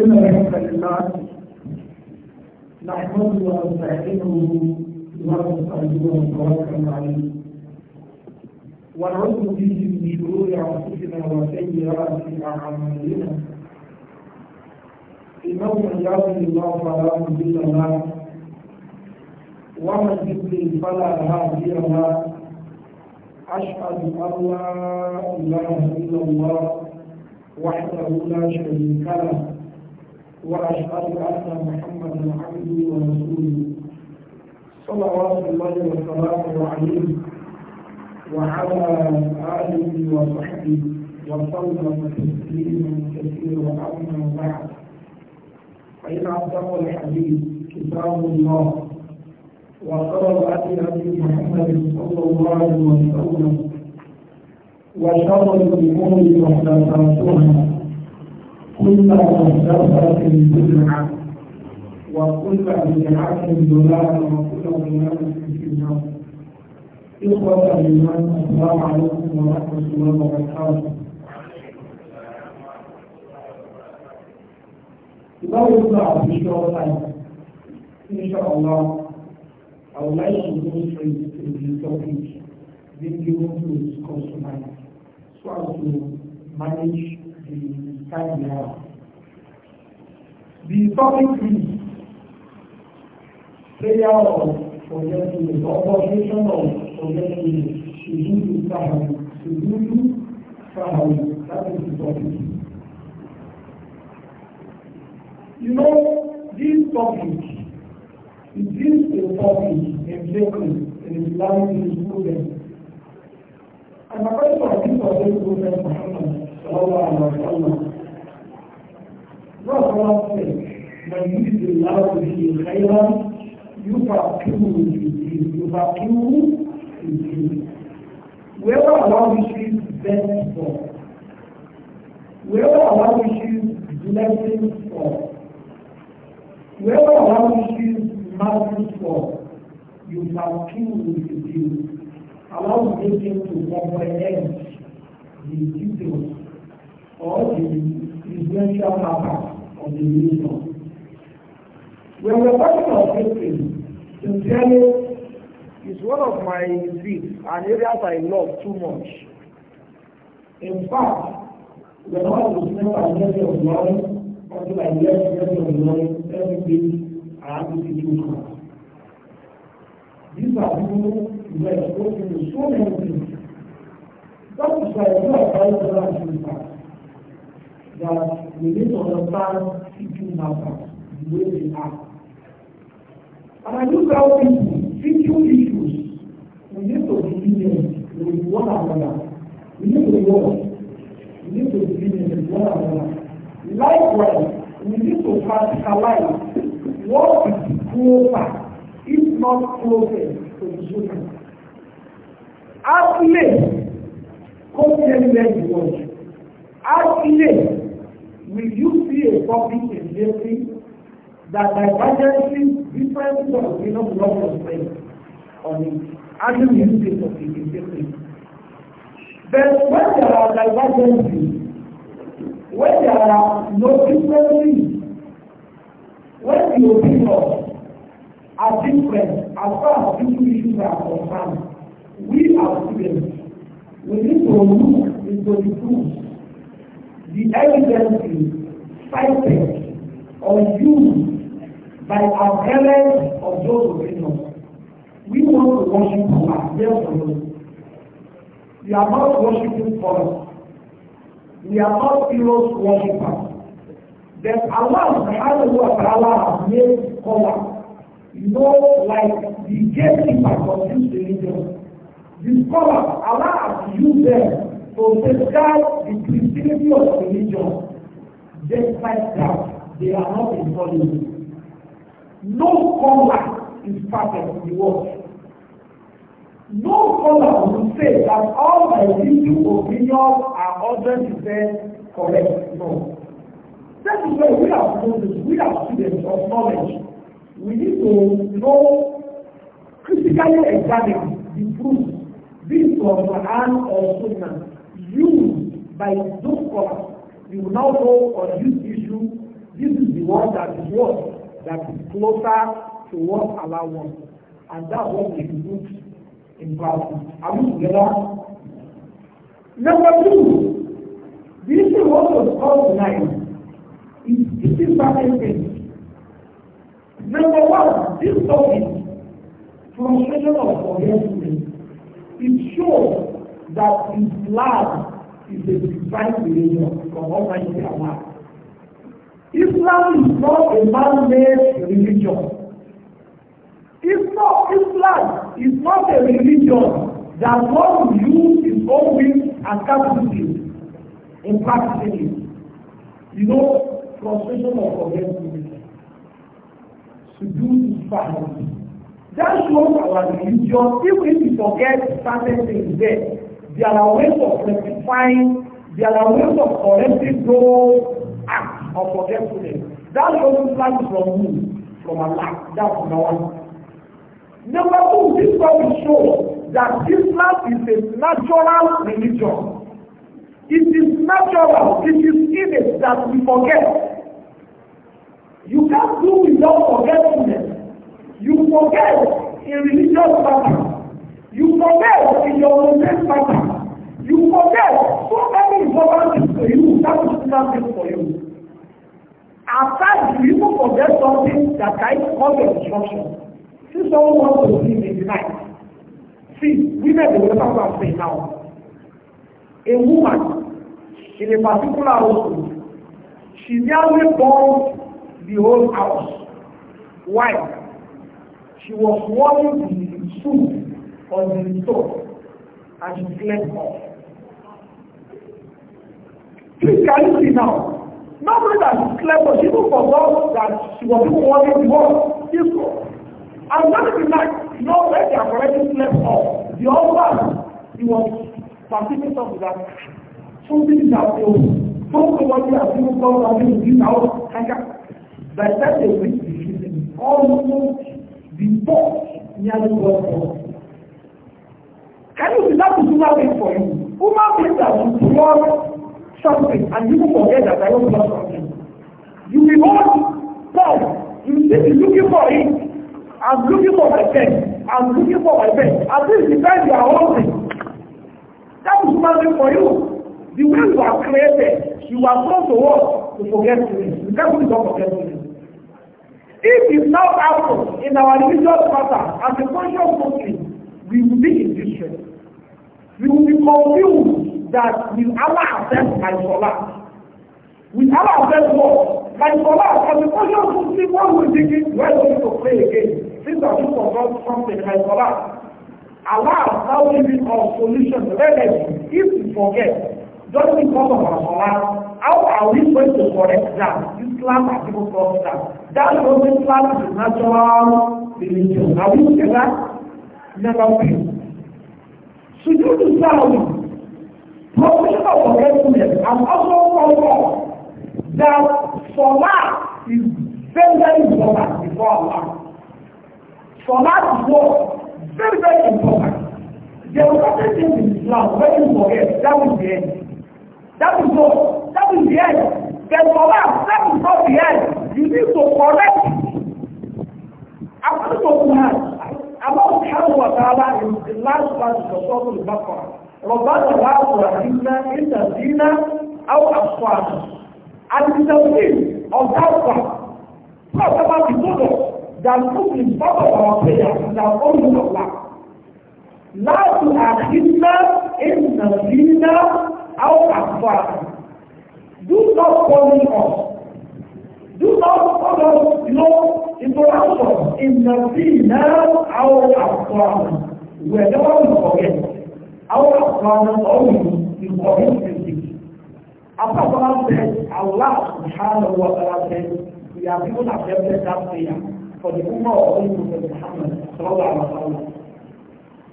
إن الحمد لله نحمده ونستعينه ونستعينه ونتوكل عليه ونعوذ به من شرور أنفسنا وسيئات أعمالنا إنه من يهده الله فلا مضل له ومن يضلل فلا هادي له أشهد أن لا إله إلا الله وحده لا شريك له وأشهد أن محمدا عبده ورسوله صلوات الله وسلامه عليه وعلى آله وصحبه وسلم تسليما كثيرا أما بعد فإن أصدق الحديث كتاب الله وقرأ أبي محمد صلى الله عليه وسلم وشر الأمور محدثاتها كل مستغفرة بدعة وكل بدعة ضلالة وكل ضلالة في النار إخوة الإيمان السلام عليكم ورحمة الله وبركاته Lọ́wọ́ ìgbà àbíṣọ́ ọ̀la ìṣọ́ ọ̀la ọ̀la ìṣòro ìṣòro ìṣòro topic that you to discuss tonight so as to manage the The topic is prayer of forgetfulness, obligation of forgetfulness, to do to Sahari, to do to Sahari, the topic. You know, this topic is this a topic exactly in Islamic students. And according to our people, they to Muhammad صلى الله عليه وسلم رفض من يريد الله به خيرا يفقهه في الدين يفقهه في الدين Whoever for, whoever allows you blessings for, whoever allows you mercy for, you shall kill with the Jews. Allow Satan to comprehend the details or the presidential power of the nation. When we're talking about history, sincerely, is one of my dreams and areas I love too much. In fact, the I was never a member of learning, until I left the of learning, everything I had to teach you These are people who are exposed to so many things. That is why I know about the last that we need to understand teaching matters the way they are. And I look tell people, future issues, we need to be lenient with one another. We need to work. We need to be lenient with one another. Likewise, we need to practicalize what is closer, if not closer, to the children. At least, come tell me where you want. At least, will you see a public agency that divergently different laws will not work on things on it? How do you use it for agency? But when there are divergencies, when there are no differences, when the opinions are different as far as people issues are concerned, we as students, we need to look into the truth the evidence is cited or used by our parents of those opinions. We want to worship Allah, therefore, we are not worshiping for us. We are not heroes worshippers. That Allah subhanahu wa ta'ala has made color. You like the gatekeeper of this religion. This scholars, Allah has used them to safeguard the credibility of religion despite that they are not infallible. No color is perfect in the world. No color will say that all my legal opinions are 100% correct. No. That is why we are students, we are students of knowledge. We need to know, critically examine the truth, be from the hand or Sunnah you by Zukor, you now go on this issue, this is the one that is what? That is closer to what Allah wants. And that one we good in practice. Are we together? Number two, the issue what was called tonight is teaching certain things. Number one, this topic, frustration of forgetting that Islam is a divine religion from Almighty Allah. Islam is not a man-made religion. It's not, Islam is not a religion that God use his own will and capacity in practicing it. You know, frustration of forgetfulness. Sujood is fine. That shows our religion, Even if we forget certain things there, There are ways of rectifying, there are ways of correcting those acts of forgetfulness. That doesn't come from me, from Allah. That's number one. Number two, this one will show that this Islam is a natural religion. It is natural, it is innate that we forget. You can't do without forgetfulness. You forget in religious matters. You forget in your own romantic matter. You forget so many important things for you that is not things for you. At times you even forget something that can cause your destruction. See someone wants to live in the See, women they will never go and now. A woman in a particular household, she nearly burned the whole house. Why? She was warning the soup on the top, and reflect on. Please can you see now? Not only that she slept, but she even forgot that she was even wanting to work this one. And that is like, know when they have already slept off, the other he was participating of that. Something that they don't know what they are doing, God has been doing now. By the time they reach the season, almost the boss nearly got lost. Can you do that to do nothing for you? Human beings that will want something and you forget that I don't want something. You will want God. You will be looking for it. I'm looking for my pen. I'm looking for my pen. At least the time you are holding, That is human being for you. The way you are created, you are called to what? To forget things. You can't really don't forget to it. If it's now absent in our religious matter, as a conscious Muslim, we will be in distress. You will be confused that will Allah accept my salah? Will Allah accept what? My salah, as a person who sleep, what will think it, where is to pray again? Since I just forgot something, my salah. Allah is now giving us solution remedy if we forget just because of our salah how are we going to correct that Islam has given us that that is what Islam is natural religion are we that? never will Sujudu sahwi. Prophet of Forgetfulness has also called us that Salah is very, very important before Allah. Salah is what? Very, very important. There are certain things in Islam when you forget, that is the end. That is what? That is the end. Then Salah, that is not the end. You need to correct it. According سبحانه وتعالى إن الله سبحانه في سورة البقرة ربنا لا ترحمنا إلا الدين أو أصواتنا التوحيد أو تقوى فأتبع بطوله that Muslims follow our prayer in our own Allah. لا تؤاخذنا إن نسينا أو أخطأنا. Do not punish us Do not follow, you know, in the sea now our Afghan. We are never to forget. Our Afghan always is always music. After Allah said, Allah subhanahu wa ta'ala said, we are people a accepted that prayer for the Ummah of Holy Prophet Muhammad sallallahu alaihi wasallam.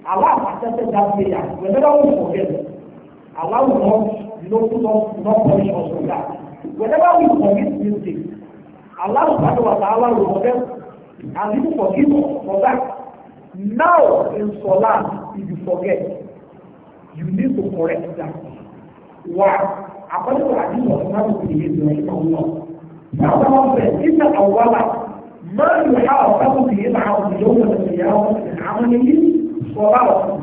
Allah accepted that prayer. We are never to forget. Allah will not, you know, put us, not punish us for that. Whenever we commit music, aláwùjọ wà sáà will ọ̀gẹ́ and even for people for that now in solat if you forget you need to correct that why according to hadith of imam ibn ibn rahimahullah sábà wọn bẹ iná àwọlá máa ń yọ àwọn sábà bìí ní àwọn ìyọwọ ìyàwó àwọn èyí sọlá ọ̀sán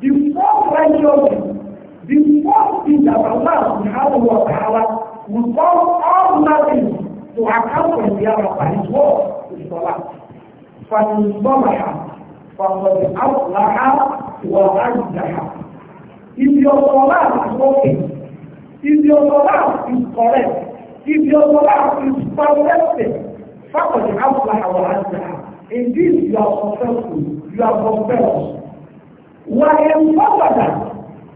the fourth righteousness the fourth thing that Allah subhanahu wa ta'ala will call all nothing to account for the hour by his word is Salah. فَنُصْبَمَحَ فَقَدْ أَصْلَحَ وَأَجْدَحَ If your Salah is working, if your Salah is correct, if your Salah is perfected, فَقَدْ أَصْلَحَ وَأَجْدَحَ In this you are successful, you are prosperous. وَإِنْ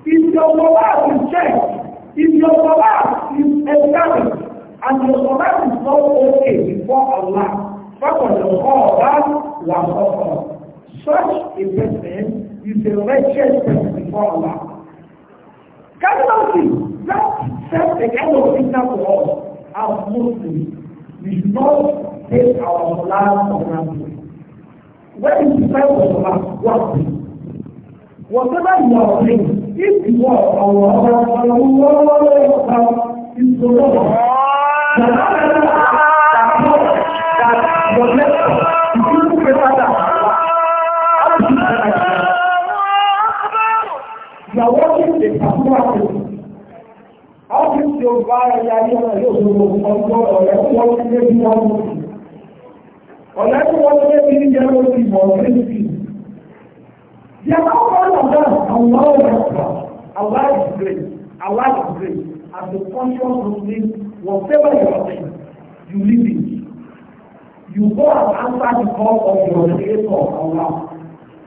If your Salah is checked, if your Salah is established, And your Quran is not okay before Allah. Faqad qala wa khasara. Such a person is a wretched person before Allah. Can you not see? That sets the kind of signal to us as Muslims. We should not take our Salah for granted. When you decide for Salah, what do? Whatever you are doing, if you are our Allah, Allah, Allah, Allah, Allah, Allah, Allah, You are watching the performance. How can you buy a yellow ọjọ́ ọ̀rẹ́ wọ́n ti lé bí wọ́n mú sí? Ọ̀rẹ́ tí wọ́n lé bí yẹ́rọ sí mọ̀ ní sí. Yẹ́rọ ọ̀rọ̀ náà, àwọn ọ̀rẹ́ àwọn ìgbèrè, àwọn ìgbèrè, and the conscious of this whatever you are doing, you leave it. You go and answer the call of your creator Allah.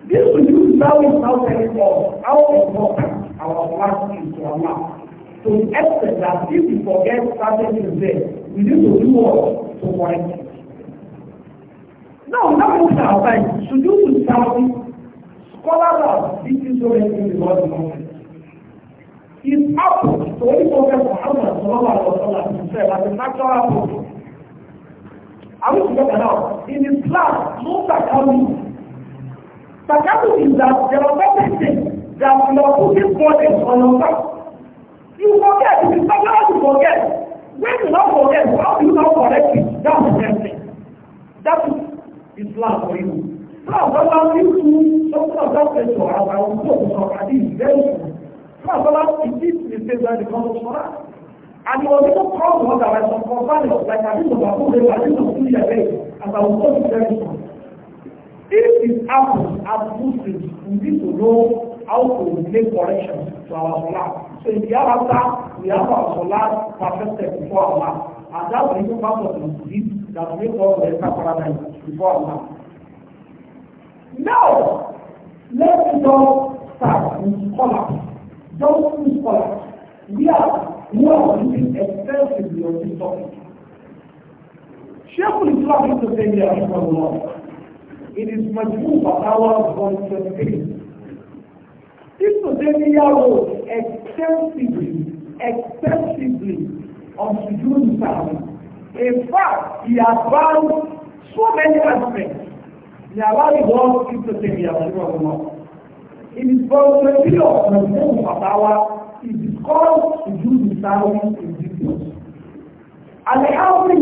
This will you now is now telling us how important our fast is to Allah. To so the extent that if we forget certain things there, we need to do what? To correct it. Now, now we look at our time. Should you do something? Scholars are speaking so many things about the moment? It's up to any Prophet Muhammad sallallahu alaihi wasallam himself as a natural prophet. I want to get that out. In Islam, no sakamu. Sakamu is that there are certain things that we are putting burdens on ourselves. You forget, it is natural to forget. When you not forget, how do you not correct it? That's the same thing. That is Islam for you. Now, what about you? Something of that says to us, I will go to Socrates very soon. Salah indeed is based on the Prophet's Salah. And he was even proud of that by some companions like Abin of Abu Bakr, Abin of Abu Bakr, as I was told very soon. If it happens as Muslims, we need to know how to make corrections to our Salah. So in the hereafter, we have our Salah perfected before Allah. And that's the reason part of the Muslims that we call the extra paradise before Allah. Now, let us all start with scholars those two scholars, we are we are using extensively on this topic. Sheikhul Islam is saying here, Allah. It is Majmu Fatawa 128. This Tanzania wrote extensively, extensively on Sujood Islam. In fact, he has found so many aspects. He has found God in Tanzania, Allah. It the period of the Muslim Fatawa, it is called to do the Saudi in details. Al-Hawri,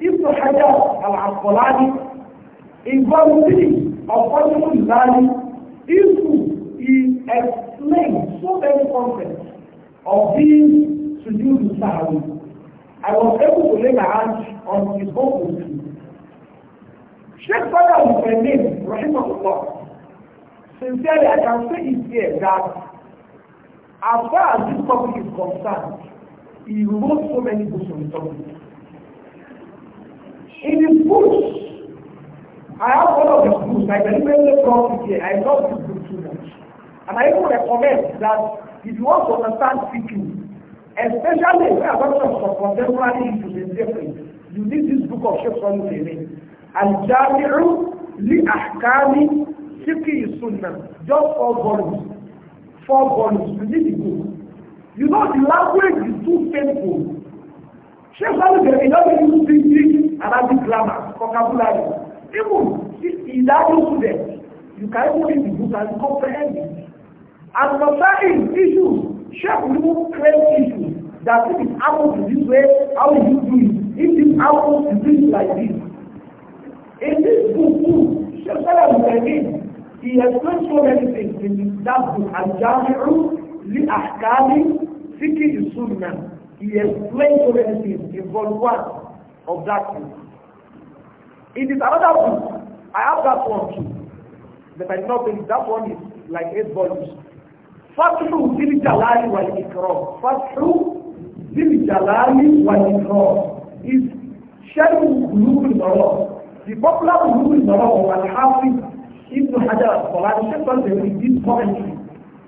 Ibn Hajar al-Asqalani, in Volume 3 of Fatimul Lali, Isu is explained so many concepts of being to do the Saudi. I was able to lay my hands on his own book. Sheikh Fatah Hussein, Rahimahullah, Sincerely, I can say it here that as far as this topic is concerned, he wrote so many books on the topic. In his books, I have one of his books, I deliberately brought it here. I love this book too much. And I even recommend that if you want to understand speaking, especially if you are talking about contemporary issues in different, you need this book of Sheikh Sonu and al li Ahkami Fiqh is Sunnah. Just four volumes. Four volumes. You need the book. You know the language is too painful. Sheikh Ali Bẹ̀rẹ̀ doesn't use speak English Arabic grammar, for vocabulary. Even if in that student, you can even read the book and comprehend it. And concerning issues, Sheikh will claim issues that if it happens in this way, how you do it? If it happens, you do it like this. In this book, too, Sheikh Ali He explained so many things in that book, Al-Jami'u li Ahkami Fiqh Sunnah. He explained so many things in volume one of that book. In this another book. I have that one too. But I did not think that one is like eight volumes. Fathu Zil Jalali wal Ikram. Fathu Zil Jalali wal Ikram is sharing Sharif Ulubul Maram. The popular Ulubul Maram of Al-Hafiz Ibn Hajar, Salah Shekhan, in this commentary,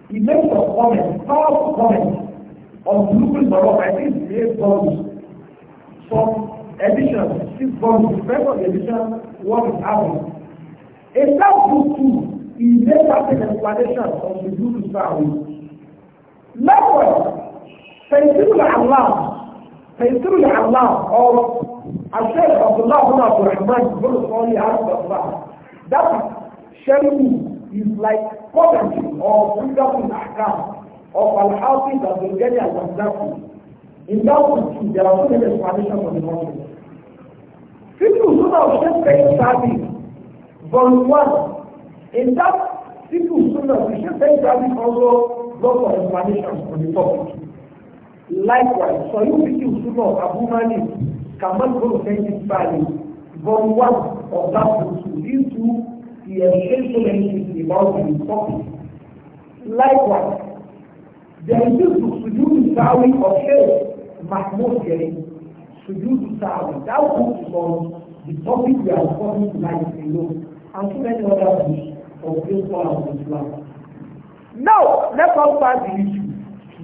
he makes a comment, powerful comment, on Blueprint Baroque, I think it's eight volumes. Some editions, six volumes, depends on the edition, what is happening. In that book too, he makes an explanation of the Blueprint Baroque. Likewise, Allah العلام تيسير العلام أو الشيخ عبد الله بن عبد الرحمن بن صالح عبد الله ده Sharing is like poverty or freedom in account of an outfit that Bulgaria and Zimbabwe. In that one there are so many explanations for the problem. People should now share paying service, But one, in that people should now share paying service also lots of explanations for the topic. Likewise, so you people who know Abu Malik, Kamal Guru Sayyid But one of that book, these two he explained so many things about the topic. Likewise, there is this sujood sawi of Sheikh Mahmoud Geri, sujood sawi. That book is on the topic we are talking tonight in Rome, and so many other books of this one of Islam. Now, let us start the issue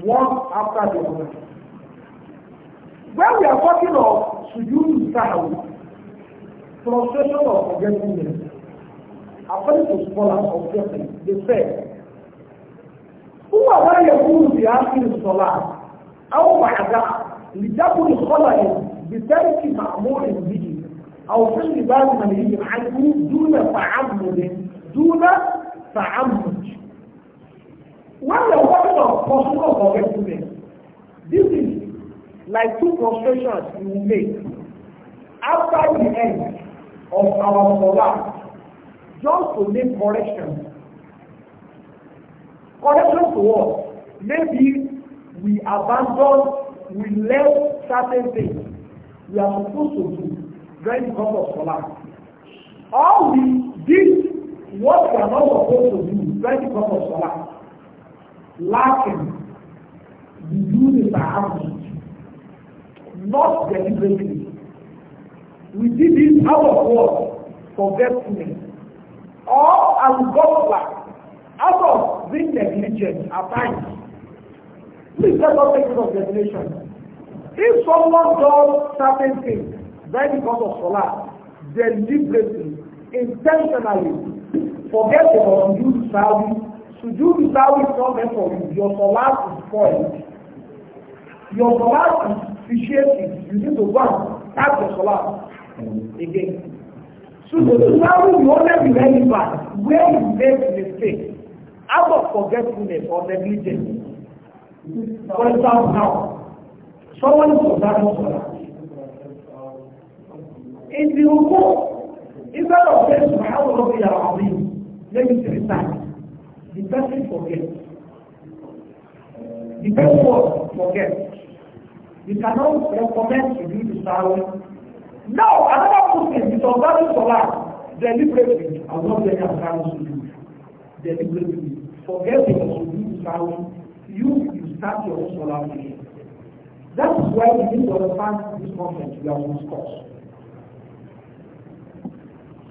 one after the other. When we are talking of sujood sawi, frustration of forgetfulness, According to scholars of Japan, they said, "Who are هو لا يكون في آخر الصلاة أو بعدها لتكن خلق بترك مأمور به أو فعل بعض منهي عنه دون تعمد دون تعمد. When the word of possible correctness, this is like two prostrations you make after the end of our salah just to make Correction Corrections to what? Maybe we abandon, we left certain things we are supposed to do during the course of Salah. Or we did what we are not supposed to do during the course of Salah. Lacking, we do the Sahabi, not deliberately. We did this out of what? Forgetfulness or al-ghafla out of being negligent at times. Please let us take it of definition. If someone does certain things, then because of Salah, deliberately, intentionally, forget about you Sawi. Sujood to do it's not meant for you. Your Salah is spoiled. Your Salah is vitiated. You need to go and start your Salah again. So the travel always be relevant where you make mistake out of forgetfulness or negligence? For example, now, someone is observing Salah. If you go instead of saying, be wa ta'ala, let me three times, the person forgets. The person forgets. You cannot recommend to do the Salah Now, another Muslim is observing Salah deliberately I'm not there can cancel you. Deliberately. Forget your solar. sound. You, you start your own Salah again. That is why we need to understand this concept we have discussed.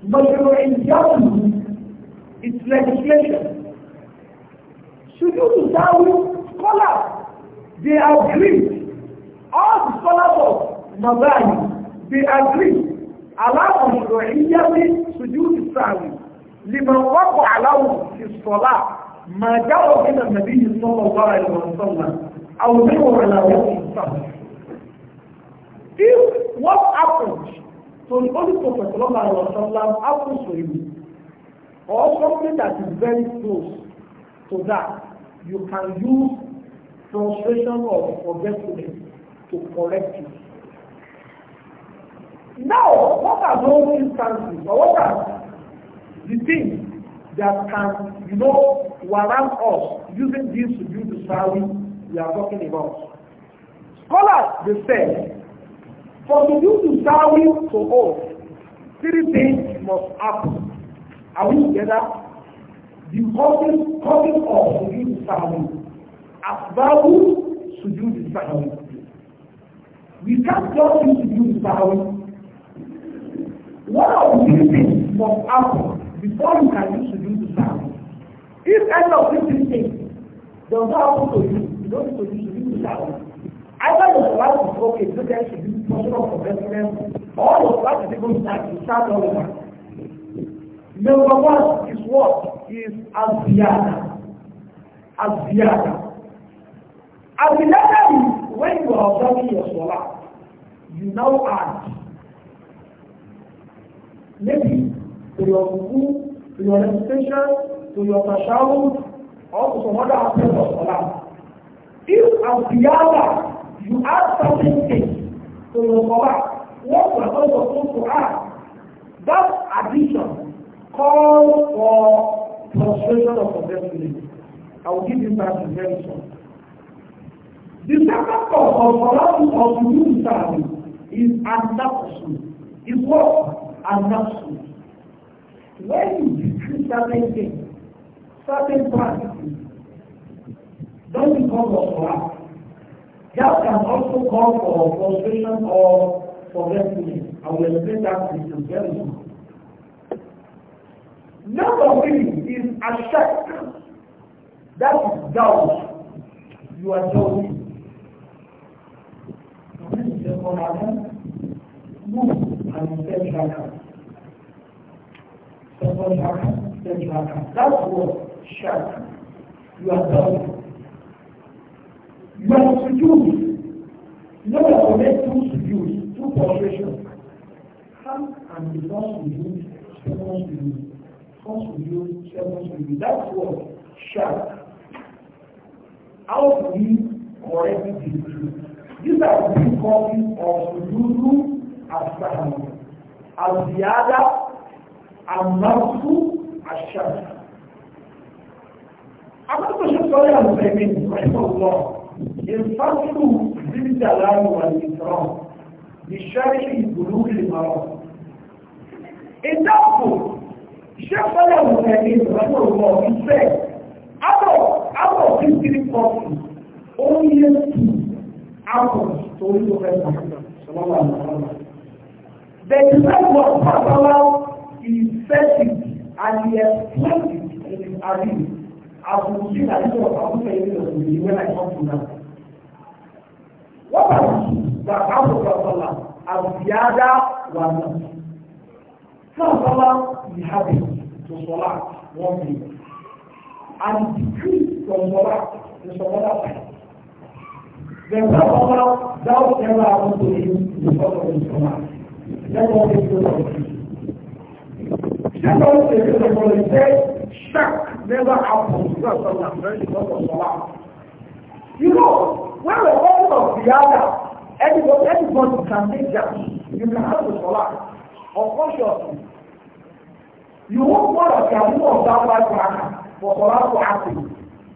But your Indian it's legislation. Should you sound scholars? They are agreed. All the scholars of Mabani they agree aláwọ̀ ìyáwé sojú ìsáàwì liman wọ́pọ̀ aláwọ̀ ìsọ̀lá ma jáwọ́ kí na nàbí ìsọ̀lọ̀ wọ́ra ìwọ̀nsọ̀lá àwọn mẹ́wọ̀ aláwọ̀ ìsáàwì if what happened to the holy prophet sallallahu alaihi wasallam happens to him or something that is very close to that you can use frustration or forgetfulness to correct it Now, what are those instances or what are the things that can, you know, warrant us using this to do the salary we are talking about? Scholars, they say, for to do the salary to us, three things must happen. Are we together? The causing, causing us to do the salary. As value to do the salary. We can't just do the salary One of these things must happen before you can use to do the service. If any of these things does not happen to you, you don't need to use to do the service. Either your life is okay, you then should be possible for residence, or your life is even start to start all over. Number one is what is Aziyada. Aziyada. Aziyada is when you are observing your solar, you now add maybe to your wudu, to your recitation, to your tashahud, or to some other aspect of Allah. If as Qiyamah you add certain things to your Salah, what you are not supposed to add, that addition calls for frustration of forgetfulness. I will give you that very soon. The second cause of Salah of Yudu is an is what? And not good. When you decrease certain things, certain practices, don't become of wrath. That can also call for frustration or forgetfulness. I will explain that to you very soon. Number three is assurance. That is doubt. You are doubting. Move and step back going back, then back. That's what shirk. You are done. You have to use. No one will two use two prostrations. Come and be lost with you, servants with you. Comes with you, servants with you. That's what shirk. How to we correct the truth? These are the three causes of seduced as the other àmọ́fú àṣà akọ́tọ̀ṣe sọ́rọ̀ àmọ́fẹ́mí ìfẹ́sọ̀lọ́ ìfẹ́sọ̀lù zíjàláàrù àìsàn ìṣẹ́rí ìgbòrú ìmọ̀ràn ìdáàbò ṣe sọ́rọ̀ àmọ́fẹ́mí ìfẹ́sọ̀lọ́ ìfẹ́ abọ̀ abọ̀ fífírí pọ̀pù ó yẹ kí abọ̀ torí ó fẹ́ sọ́rọ̀ àmọ́fẹ́mí There is no one power respect it and he expressed it in his arena. I will see that he was also a little bit when I come to now. What I do that out of Allah as the other one not. Some Allah we have it to Salah one day and decrease from Salah to some other time. Then some Allah thou never happened to him because of his command. Let That's all it is. of the says, shock never happens. That's what I'm very because of Allah. You know, when we're talking of the other, everybody, everybody can make that. You can have the Salah. course, You won't want to carry of that life for Salah to happen.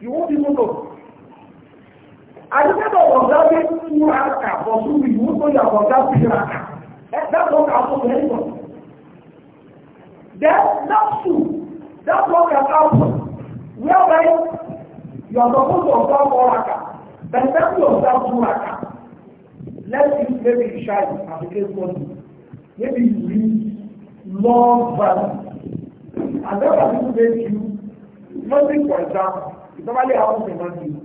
You won't even know. Àdúgbò ọ̀gá bí ń múra you bọ̀ sórí ìwúkọ̀ ìyàwó ọ̀gá bí ra kà. Ẹ That's what tó fẹ́ ìwọ̀n. Then that's true. That's what can happen. Whereby you are supposed to observe one raka. By the time you observe two raka, let's use maybe Isha as a case study. Maybe you read long verse. And then when people make you, nothing for example, it normally happens in Matthew.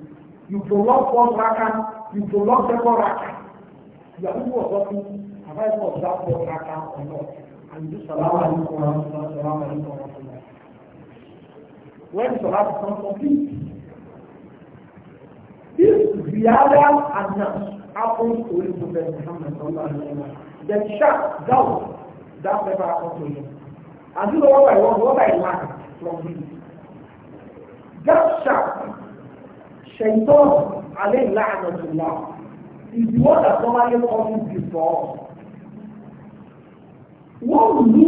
You prolong one raka, you prolong second raka. You are people observing, have I observed one raka or not? Assalamu alaikum wa When Salah is complete, this Ziyada and happens to the Prophet Muhammad The sharp doubt that never happened to him. And you know what I want, what I learned from him. That sharp, Shaitan alayhi la'anatullah, is the one that normally comes before wọ́n ní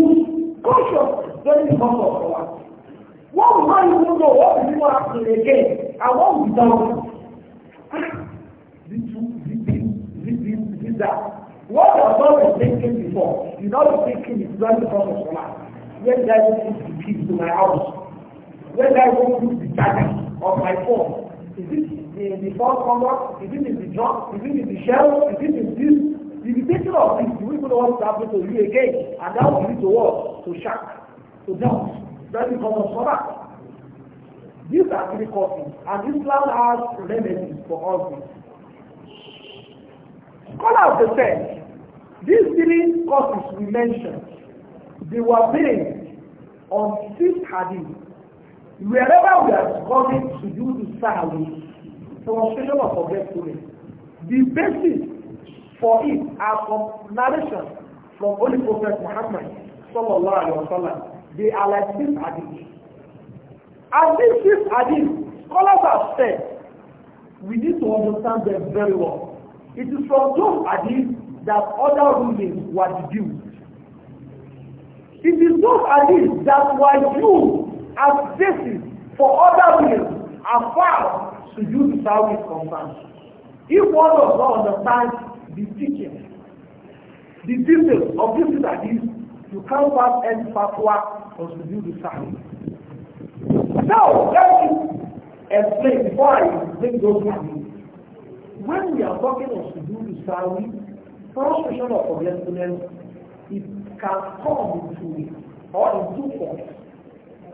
conscious very important for us. Wọ́n máa ń mú lọ wọ́n fi wá ìrèké àwọn òbítàn. Zitu zitu zitu zita. What you are not thinking before, you not thinking is very important for us. When I go the keys to my house, when I go put the charger my phone, is it the, the phone cover, is it the drum, is it the shell, is it in this? The limitation of this, you even know what's happening to you again, and that will lead to what? To shock, to doubt. That becomes for that. These are three causes, and Islam has remedies for all these. Scholars have said these three causes we mentioned, they were based on six hadith. Wherever we are discussing to do the sahwi, demonstration of forgetfulness, the basis for it are from narration from Holy Prophet Muhammad sallallahu alaihi wasallam. They are like this hadith. And this six hadith, scholars have said, we need to understand them very well. It is from those hadith that other rulings were deduced. It is those hadith that were used as basis for other rulings are found to Sujud Sawi is concerned. If one does not understand the teaching, the details of this that is, you can't pass any fatwa until you do the sign. Now, let me explain before I make those comments. When we are talking of to do Sujudu Sawi, frustration of forgetfulness, it can come into it or in two forms.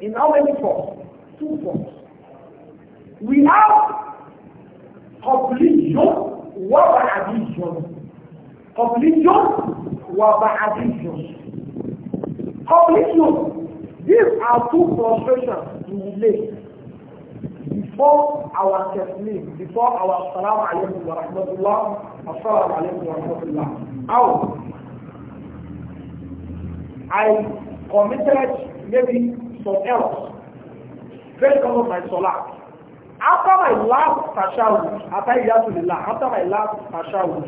In how many forms? Two forms. We have obligation. وبعديهم قبليهم وبعديهم قبليهم These are two frustrations we relate before our taslim, before our salam alaykum wa rahmatullah, assalam alaykum wa rahmatullah. How? I committed maybe some errors. Very common my salah after my last tashahud after iyatulila after my last tashahud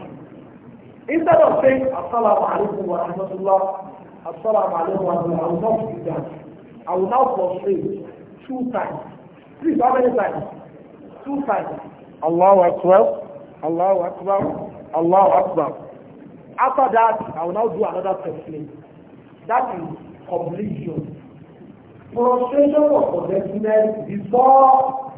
instead of saying assalamu alaikum wa rahmatullah assalamu alaikum wa rahmatullah I will not do that I will now prostrate two times please how many times two times Allahu Akbar Allahu Akbar Allahu Akbar after that I will now do another prostrate that is completion prostration of forgetfulness before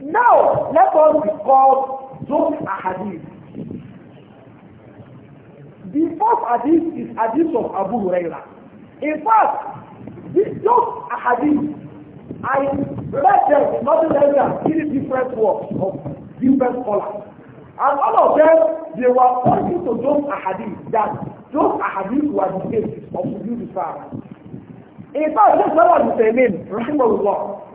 Now, let us recall those ahadith. The first hadith is hadith of Abu Huraira. In fact, this, those ahadith, I read them nothing less them three different works of different scholars. And all of them, they were pointing to those ahadith, that those ahadith were the basis of the Islam. In fact, this fellow is a name, Rahimahullah.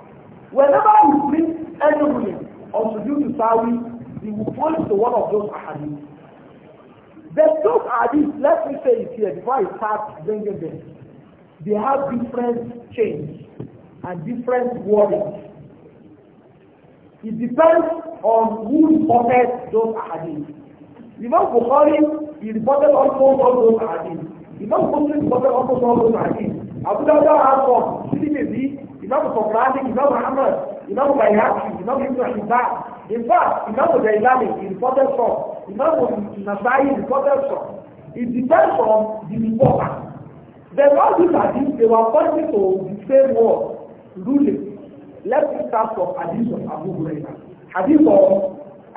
Whenever we bring any ruling to do to sawi, we will point to one of those ahadith. The two ahadith, let me say it here before I start bringing them. They have different change and different warnings. It depends on who reported those ahadith. Imam Bukhari, he reported almost all those ahadith. Imam Muslim reported almost all those ahadith. Abu Dawud has some, Tirmidhi, ìmáàmù sọ̀kùnrání ìmáàmù hamad ìmáàmù bayaki ìmáàmù ibn ṣùgbà in fact ìmáàmù dailami reported from ìmáàmù nasayi reported from it depends on the reporter the law is that they were pointing to the same word ruling let's start from hadith of abu huraira hadith of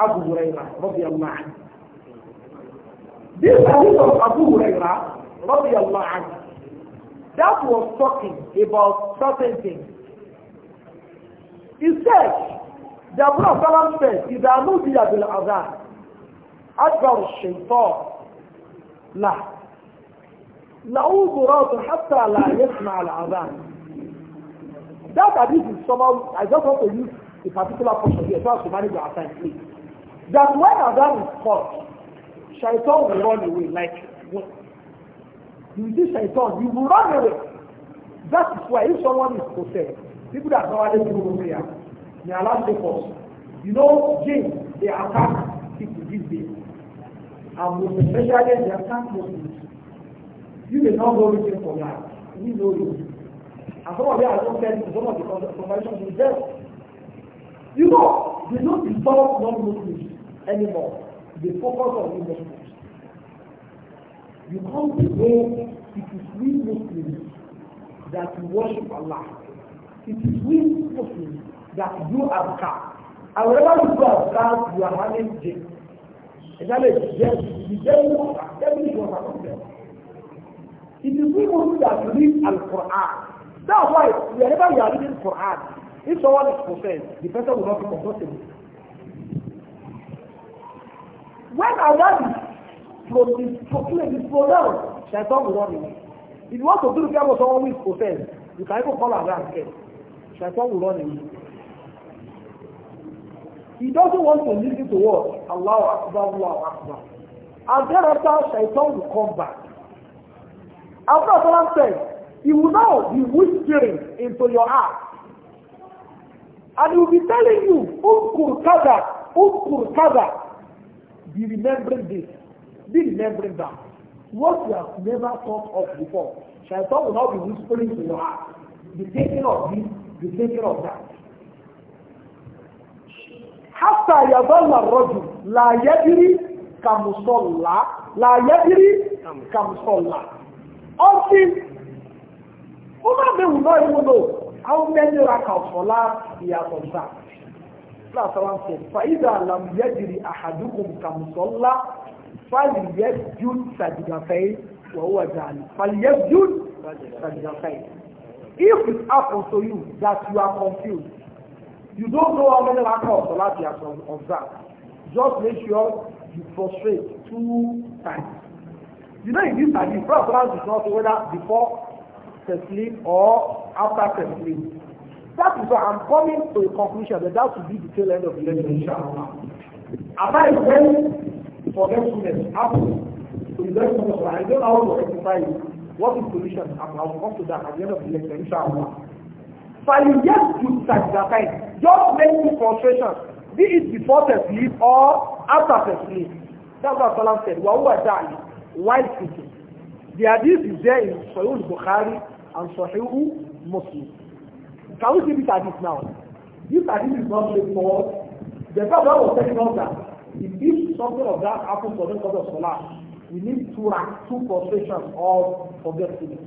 abu huraira rabi allah this hadith of abu huraira rabi allah that was talking about certain things He said, the Prophet Salam said, إذا نودي بالأذان أكبر الشيطان لا لعوض راسه حتى لا يسمع الأذان That hadith is somehow, I just want to use a particular portion here so as to manage your time, please. That when Adam is caught, Shaitan will run away like you see Shaitan, you will run away. That is why if someone is possessed, People that normally do prayer, may Allah save focus. You know, James, they attack people these days. And most especially, they attack Muslims. You may not know anything for that. We know you. And some of you are not telling some of the conversations with them. You know, they don't involve non-Muslims anymore. They focus on the Muslims. You can't be it is we Muslims that worship Allah it is we Muslims that do azkar and whenever you do azkar you are having jail ẹ̀dálẹ̀ jẹ́ ìjẹ́ ìwọ̀nba jẹ́bi ìwọ̀nba tó bẹ̀rẹ̀ it is we Muslims that read Al-Quran that's why whenever you are reading Quran if someone is possessed the person will not be comfortable when I from Allah is pronounced shaitan will not be if you want to do the care of someone who is possessed you can even call around and care. Shaitan will run away. He doesn't want to lead you to what? Allah Akbar, Allah Akbar. And thereafter, Shaitan will come back. After Salam says, he will now be whispering into your heart. And he will be telling you, Umkur Kada, Umkur Kada. Be remembering this. Be remembering that. What you have never thought of before. Shaitan will now be whispering to your heart. Be taking of this the thinking of that. Hasa yàgbọ́nà rọ́jù làyẹ́bírí kàmùsọ̀lá làyẹ́bírí kàmùsọ̀lá. Until woman may we not even know how many rakats for last he has observed. That's what I'm saying. فَإِذَا لَمْ يَجْرِ أَحَدُكُمْ كَمُسَلَّى فَلْيَسْجُدْ سَجْدَتَيْنِ وَهُوَ جَالِسٌ فَلْيَسْجُدْ سَجْدَتَيْنِ If it happens to you that you are confused, you don't know how many rakah of salat you have observed, just make sure you prostrate two times. You know in this hadith, Prophet Salat is not whether before sleep or after sleep. That is why I'm coming to a conclusion that that will be the tail end of the lecture, inshallah. Apart when forgetfulness happens to the rest of us, I don't know how to explain. it. What is solution? And I will come to that at the end of the lecture, inshallah. Failure to satisfy just make many frustrations, be it before the sleep or after the sleep. That's what Salam said. Wahuwa da'li, while sleeping. The hadith is there in Sahih Bukhari and Sahih Muslim. Can we see this hadith now? This hadith is not straightforward. The Prophet was telling us that if something of that happens for the cause of Salah, We need two, two frustrations of forgetfulness.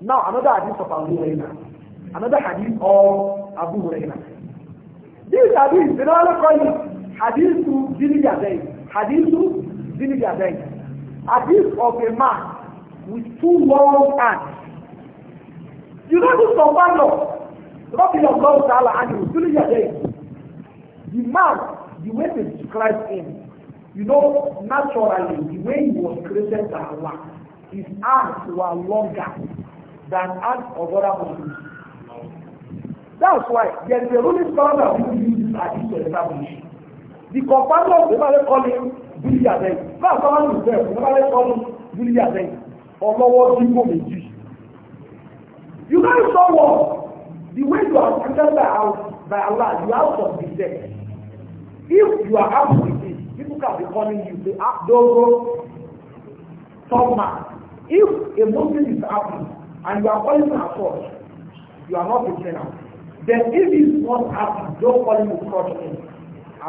Now, another hadith of Abu Hurairah. Another hadith of Abu Hurairah. This hadith, they don't want to hadith to Zini Yazain. Hadith to Zini Yazain. Hadith of a man with two long hands. You know this companion, Rabbi Allah Ta'ala, and he was Zini Yazain. The man, the way they describe him, You know, naturally, the way he was created by Allah, his arms were longer than arms of other Muslims. That's why there is a ruling scholar that people use this hadith to establish. The companion of the Bible call him Bilyaden. That's someone who's there. The Bible call him Bilyaden. Ọlọ́wọ́ dìbò méjì. You know someone, the way you are treated by, by Allah, you have some defect. If you are happy with people be calling you say ah dogo top man if a muslim is happening and you are calling him as such you are not a trainer. then if he is not happy don't call him a such name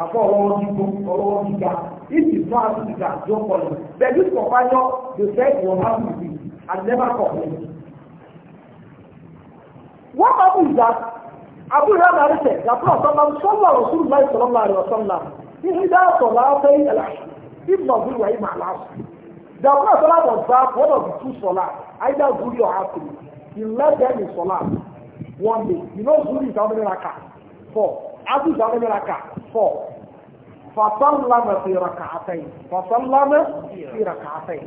afọ ọwọ dìgbò ọwọ dìgbà if he is not happy with that don't call him Then this provider dey say he was happy with me and never complain what happen is that abu rahman said that prophet sallallahu alaihi wasallam sallallahu or wasallam إحدى صلاتي العشر إما الظهر وإما العصر There are not salat on Zaf, one of the two salat, either Zuri or Asri. He left them in salat one day. You know Zuri is how many rakah? Four. Asri is how many rakah? Four. فَسَلَّمَ فِي رَكَعَتَيْنِ فَسَلَّمَ فِي رَكَعَتَيْنِ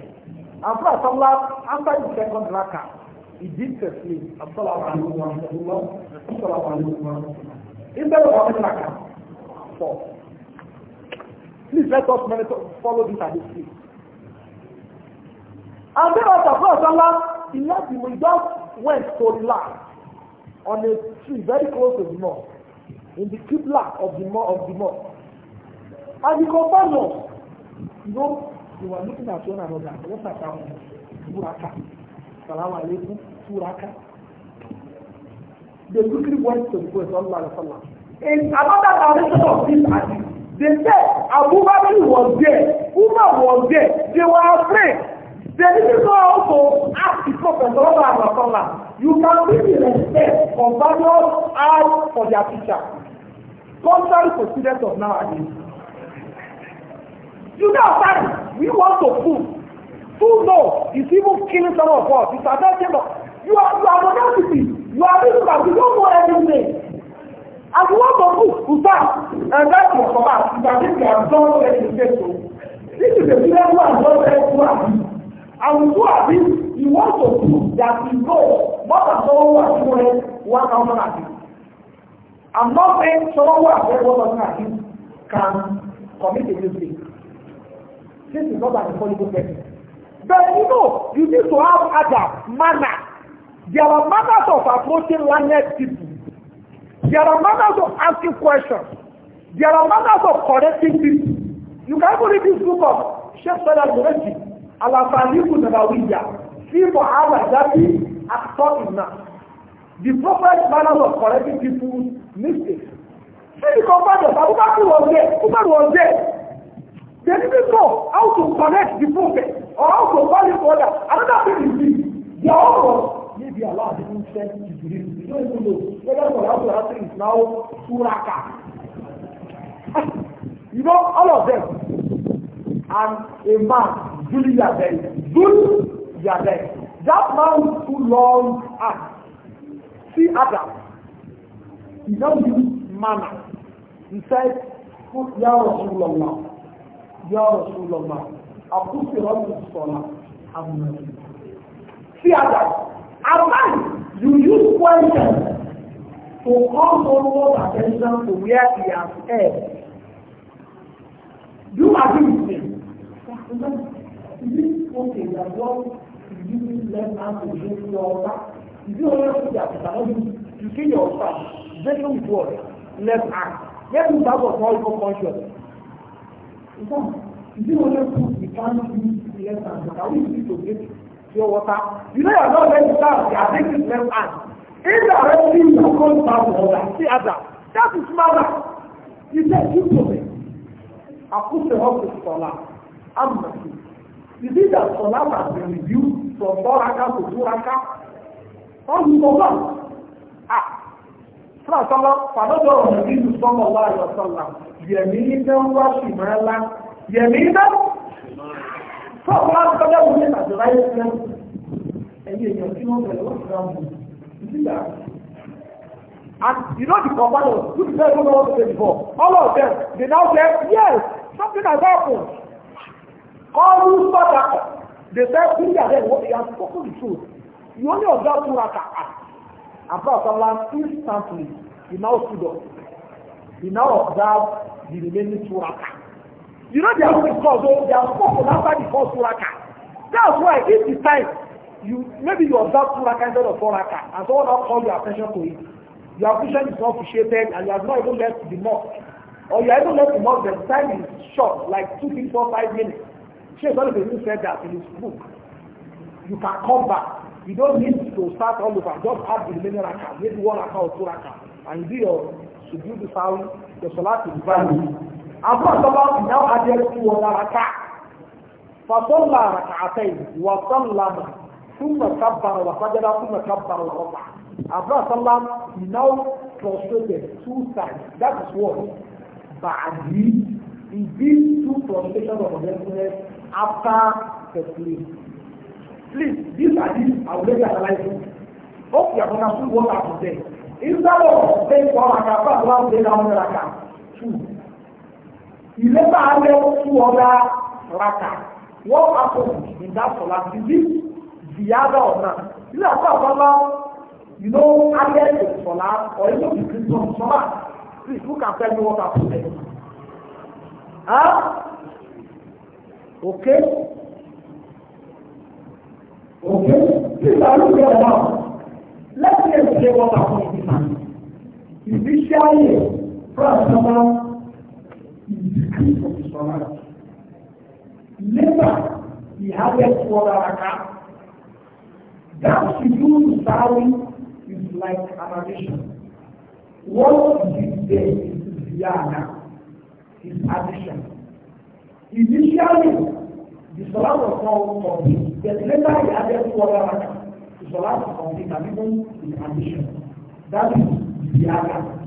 After Salat, after the second rakah, he did the sleep. Assalamu alaikum wa rahmatullah. Assalamu alaikum wa rahmatullah. Instead of how many Four. Please let us monitor, follow this hadith. And then after Prophet Allah, he left him. He just went to relax on a tree very close to the mall, in the qibla of the mall. Of the mosque. And the companions, you know, they were looking at one another. What's that sound? Buraka. Salaam alaikum. Buraka. They quickly went to the Prophet Allah. In another narration of this hadith, They said Abubakar was there, Umar was there, they were afraid. Then They didn't know how to ask the prophet Allah and Rasulullah. You can really respect companions and for their teacher. Contrary to students of nowadays. You know, that we want to fool. Fool no, it's even killing some of us. It's a death You are you are the monogamy. You are the but you don't know everything. As one of us who sat, and that was for us, that think we have done what we say this is a serious one, not very to have And we do have this, he wants to prove that we go, more than someone who has given one thousand at least. I'm not saying someone who has one thousand at least can commit a mistake. This is not an infallible person. But you know, you need to have other manner. There are manners of approaching learned people. There are manners of asking questions. There are manners of correcting people. You can even read this book of Sheikh Salah Al-Murati, Al-Afaniku Nabawiya, See for Allah that he has taught him The proper manners of correcting people's mistakes. See the companions, Abu Bakr was there, Umar was there. They didn't know how to correct the prophet or how to call him to others. Another thing is this. Their own was maybe Allah didn't send to believe tó wúlò gẹ́gẹ́ sọ̀rọ̀ sọ̀rọ̀ láti ìsìláwó túraká. You know all of them and a man Zuli Yabel Zuli Yabel that man too long hands see Adam he don use manner he said ya Rasulullah ya Rasulullah akusi rọ́ọ̀tù sọ̀rọ̀ amúnájú see Adam. Advance, you use questions to call someone's attention to where he has erred. Do agree with me? Is it okay that God is using left hand to drink your back? Is it okay that you cannot use, you see yourself, drinking with what? Left hand. Yet you have a political conscience. Is it okay to you can't use left hand, but are we using to drink pure water. You know you're not going to start the addictive left hand. Indirectly, you go down the water. See Adam. That is mother. He said, you to me. I put the hope to Salah. I'm not you. You see that Salah has been reduced from four raka to two raka? All you know that. Ah. Fúnra sọ́lá, fàdọ́dọ̀ ọ̀rọ̀ nínú sọ́mọ̀ láàrin ọ̀sán náà, yẹ̀mí iná wá sí mọ́ ẹ́lá, yẹ̀mí iná fọ́ọ̀kọ́ láti kọjá òun ní àtìláyé fẹ́ ẹ̀yìn èèyàn tí wọ́n bẹ̀rẹ̀ wọ́n ti ra mú nígbà and you know the companion who the person know what to say before all of them they now say yes something has happened kọ́ọ̀lù sọ́dà they say please and then what you have spoken the truth you only observe two raka ah and pastor salam instantly he now stood up he now observe the remaining two raka You know they are in called. so oh, they are spoken after the first suraka. That's why if the time you maybe you observe suraka instead of suraka and someone now call your attention to it, your vision is not appreciated and you have not even left the mosque. Or you have even left the mosque, the time is short, like two, three, four, five minutes. Sheikh Solomon said that in his book. You can come back. You don't need to start all over. Just add the remaining raka, maybe one raka or two raka, and you do your sujood the sound, your salat is valid àbúrò tó bá fi náà adé kú wọn lára ká fasọ́nà àràkà àtẹ́yìn wà sọ́nà mà túmọ̀ kábàrà wà sájádá túmọ̀ kábàrà wà rọ́bà àbúrò sọ́nà ìnáwó frustrated two times that is what bàdí these two frustration of forgetfulness after settling please this adi i will later analyse it hope you are gonna see what happen there instead of saying one raka first one day down one raka two. 11 level, two other raka. What happens in that salah? Is it the other or not? Is that Allah, you know, added to salah or even the Christian salah? Please, who can tell me what happened there? Huh? Okay? Okay? Please, I look at now. Let me explain what happened in this man. Initially, first of all, hadith of the Salah. Later, he had a quarter rakah. That sujood sawi is like an addition. What is there is ziyana, is addition. Initially, the Salah was not complete, but later he added quarter rakah. The Salah was complete and even in addition. That is ziyana.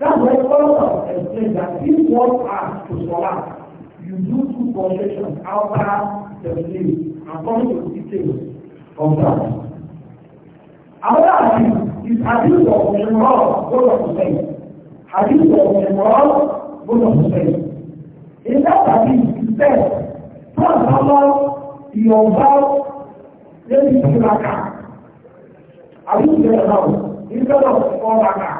That's why Paul explains that if one asks to Salah, you do two conversations after the meal, according to the details of that. Another hadith is hadith of Imran, God of Hussein. Hadith of moral God of the Hussein. In that hadith, he says, First of all, he let me see Raka. Hadith of Imran, instead of four Raka.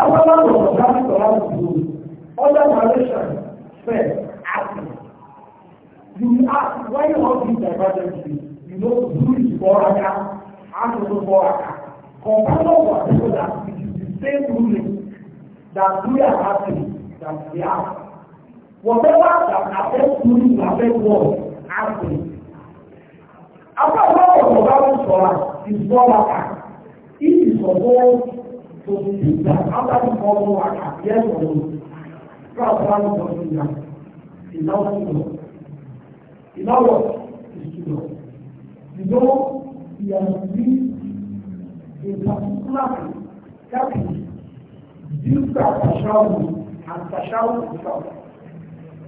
Àwọn ọlọ́run ọ̀gá ń other direction fẹ́ àti. You ask why you want this emergency? You know, do it for Aka, ask also for Aka. Companion for people that is the same ruling that we are having that they are. Whatever that affects ruling to affect world, ask them. After all, what the Bible for us is for Aka. It is for both So we think that after the formal work, yes or no, God plans for you now. It's now to know. It's now what? It's to know. You know, he has lived in particular thing. That is, due to our passion and passion itself.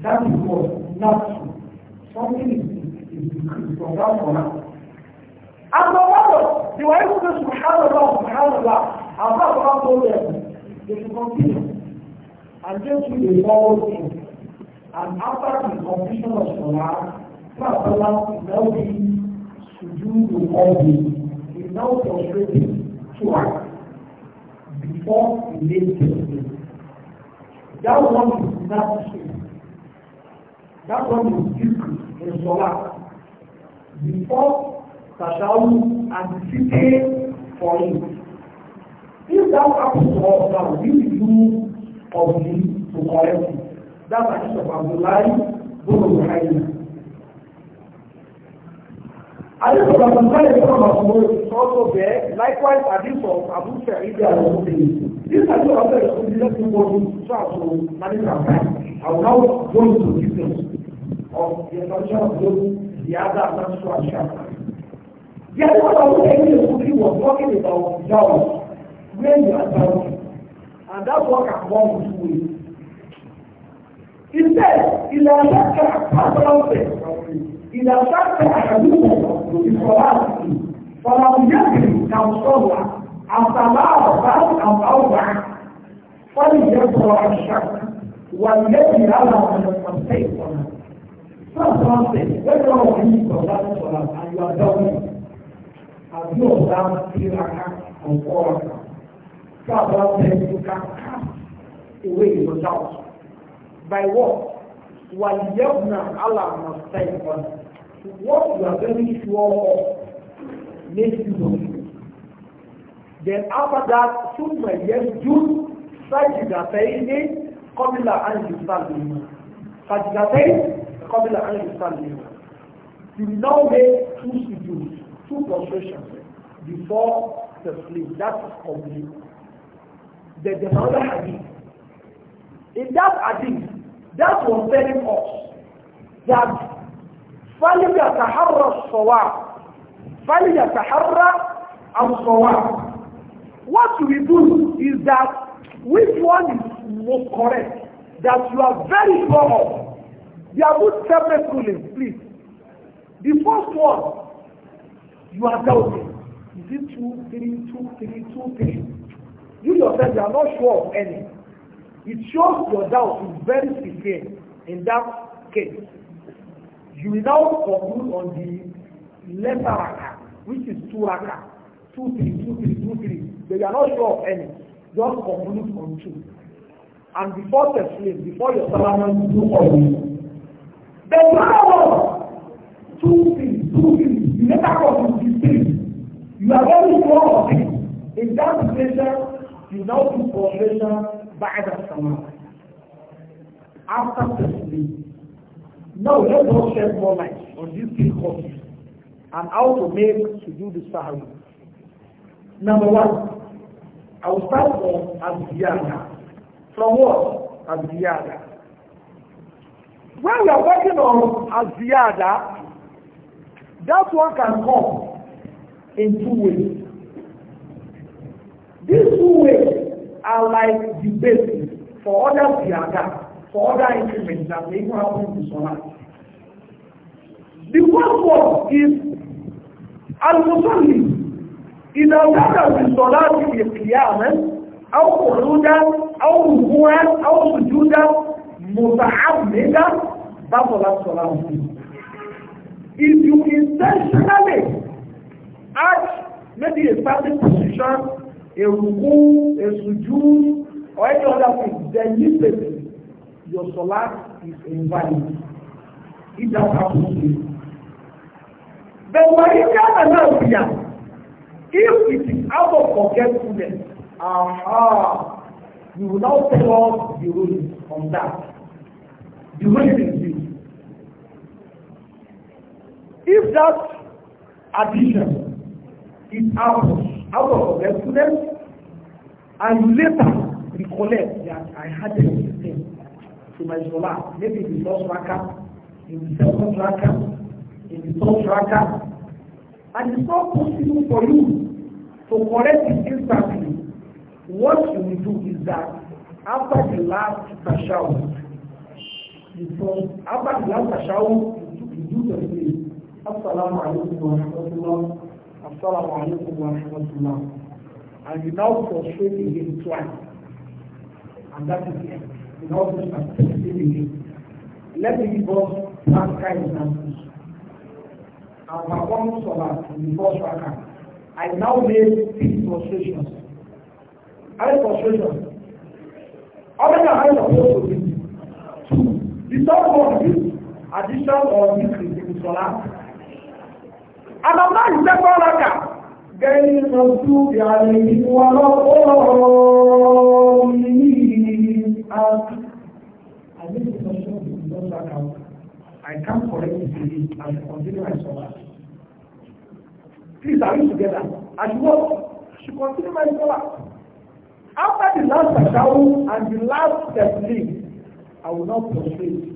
That is what natural. Something is, is, is from God for us. And no wonder, they were able to say, SubhanAllah, Apart from them, they should continue and then to the forward thing. And after the completion of that Salah is now being sujood all day. Is now frustrated twice before the late testing. That one is not true. That one is different in Salah. Before Tashawu and the for him. If that happens to us now, we will use of the to correct it. That's an issue of Abdullah Bulu Muhammad. Hadith of Abdullah Ibn Masud It's also there. Likewise, hadith of Abu Sa'id al-Khudri. This hadith of Abdullah Ibn Masud is what we try to manage our time. I will now go into details of the assumption of those the other assumption of The other one of the Ibn Masud was talking about Jawad where you are down and that work can come with you. Instead, ìlànà kan àpapọ̀lọpẹ̀ ìlànà kan àkàlùkọ̀ ìfọwọ́sí fọlọ́mùyàgbìn kan sọ̀rọ̀ àtàlà ọ̀bá àbá ọ̀bá fọlìyẹ̀kọ̀ àṣà wà lẹ́yìn àwọn ọ̀nà ọ̀sẹ̀ ìfọ̀nà. for us and you are sọ̀rọ̀ Have you àbí ọ̀dà ìrànà ọ̀pọ̀ ọ̀kan about them to come away your doubt. By what? you Waliyabna Allah must say on what you are very sure of makes you believe. Then after that, soon my summa yasjud sajdatayni qabla an yusallima. Sajdatayni qabla an yusallima. You now make two sujood, two prostrations before the sleep. That is complete. There's another hadith. In that hadith, that was telling us that فَلْيَتَحَرَّ الصَّوَابِ فَلْيَتَحَرَّ الصَّوَابِ What we do is that which one is most correct, that you are very sure of. There are good separate rulings, please. The first one, you are doubting. Is it two, three, two, three, two, three? You yourself, you are not sure of any. It shows your doubt is very sincere in that case. You will now conclude on the lesser raka, which is two raka, two three, two three, two three. But you are not sure of any. Just conclude on two. And before the slave, before your salaman, do all this. The power two three, two three. you never come to this thing. You are very sure of In that situation, you information by formation بعد الصلاة after tasleem. Now let us shed more light on these three causes and how to make to do the sahwi. Number one, I will start from Abdiyana. From what? Abdiyana. When we are working on Abdiyana, that one can come in two ways. These two ways are like the basis for other ziyadah, for other increments that may even happen to Salah. The first one is al-musalli. إذا كان في صلاة قياما أو قعودا أو ركوعا أو سجودا متعمدا بطلت صلاته. If you intentionally act maybe a certain position èrùkú èsùjú or any other thing then you say your salat is invalid if that happens to you. But when you get another if it is out of forgetfulness, aha, you will now tell us the ruling on that. The ruling is do. If that addition is out out of forgetfulness and you later recollect that I had a system to my solar maybe in the first tracker in the second tracker in the third tracker and it's not possible for you to correct it instantly what you will do is that after the last tashawud you from after the last tashawud you do the thing assalamu alaikum wa rahmatullah Assalamu alaikum wa rahmatullah. And you now frustrate him twice. And that is it. You now frustrate again. Let me give us that kind of examples. And perform Salah in the first rakah. I now made three frustrations. I frustration. How many are I supposed to be? Two. The third one is addition or decrease in Salah àbàbá ìjẹ́gbọ́ ọlọ́kà gẹ́rin ọdún ìyàrí wọn lọ́wọ́ ní I can't correct the CD continue my solar. Please, are we together? I should work. I my solar. After the last Sakawu and the last Teflin, I will not prostrate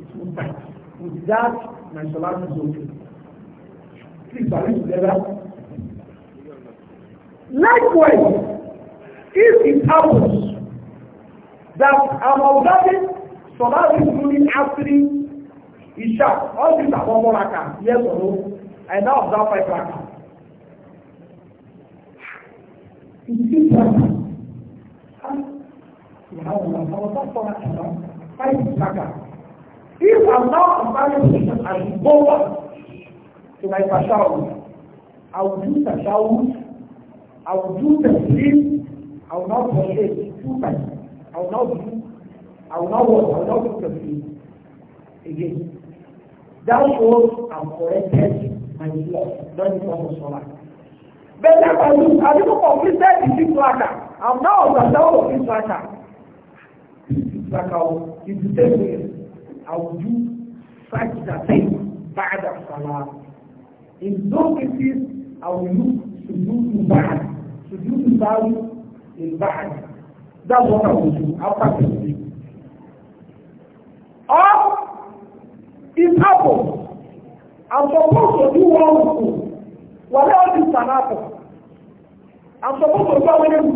With that, my solar is okay. Likewise, if it happens that I'm observing Solaris during Asri, Isha, all these are one raka, yes or no, And now observe five raka. It is raka. Subhanallah, I was not for raka, If I'm not observing Isha, I should go back كما يتشاور أو do تشاور أو do تسليم أو not forsake two times أو not do أو not work أو not do تسليم again. That shows I'm corrected my law during the course of Salah. But then I do, I didn't complete the six tracker. I'm now on the level of six tracker. Six tracker is the In those cases, our look should do to bad, should do to value in bad. That's what I will do after the week. Or, it happens. I'm supposed to do one thing. Whatever this can happen. I'm supposed to do with him.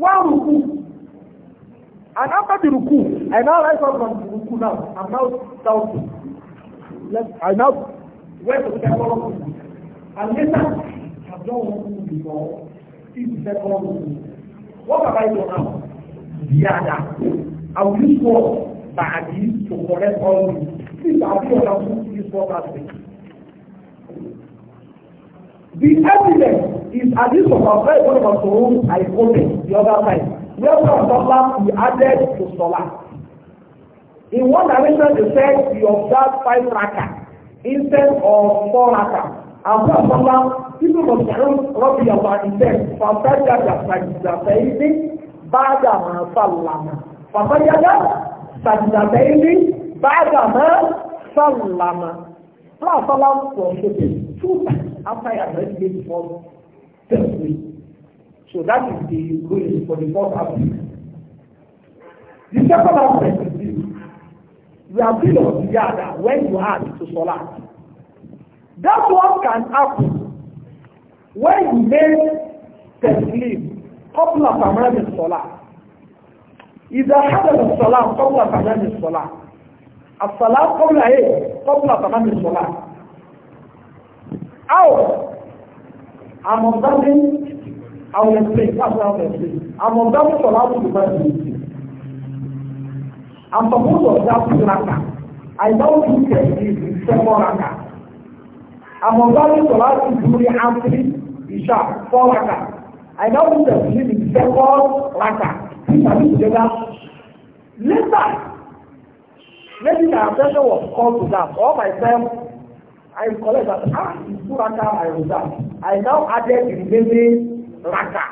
One ruku. And after the ruku, I now rise up from the ruku now. I'm now shouting. Let's, I now went to secondary school and later have done one school before till the secondary school what have I done now yada I will use word by adi to correct all this please I will not have to use word that the evidence is at least of our one of our own I quoted the other time where from Salah we added to Salah in one direction they said we observe five rakah instead of four raka and so asala people must carry rubbi yawa instead fasaja sajidasaini baada ma sallama fasaja sajidasaini baada ma sallama so asala was taken two times after he had already made the first test so that is the ruling for the fourth aspect the second aspect is You are been on ziyada when you add to salah. That what can happen when you make taslim of تمام الصلاة. إذا حدث الصلاة قبل تمام الصلاة. الصلاة قبل إيه؟ قبل تمام الصلاة. أو I'm observing I will explain, that's what I will explain. I'm observing صلاة المسجد I'm supposed to observe two raka. I don't do tẹ̀sí second raka. I'm observing Salat Zuri Asri Isha four raka. I now do tẹ̀sí second raka. These are together. Later, maybe my attention was called to that. All myself, I collect that. Ah, it's two raka I observed. I now added the remaining raka.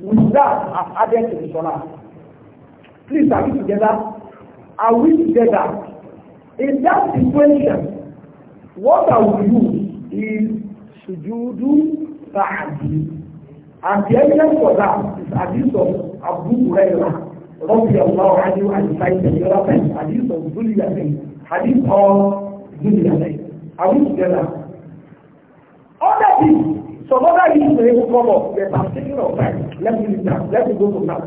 With that, I've added to the solar. Please, are we together? Are we together? In that situation, what I will do is sujudu ta'adi. And the evidence for that is hadith of Abu Hurairah, radiyallahu anhu, and cited the other time, hadith of Zuliyatayn, hadith of Zuliyatayn. Are we together? Other things, some other things may come up, but I'm taking of time. Let me leave that. Let me go to that.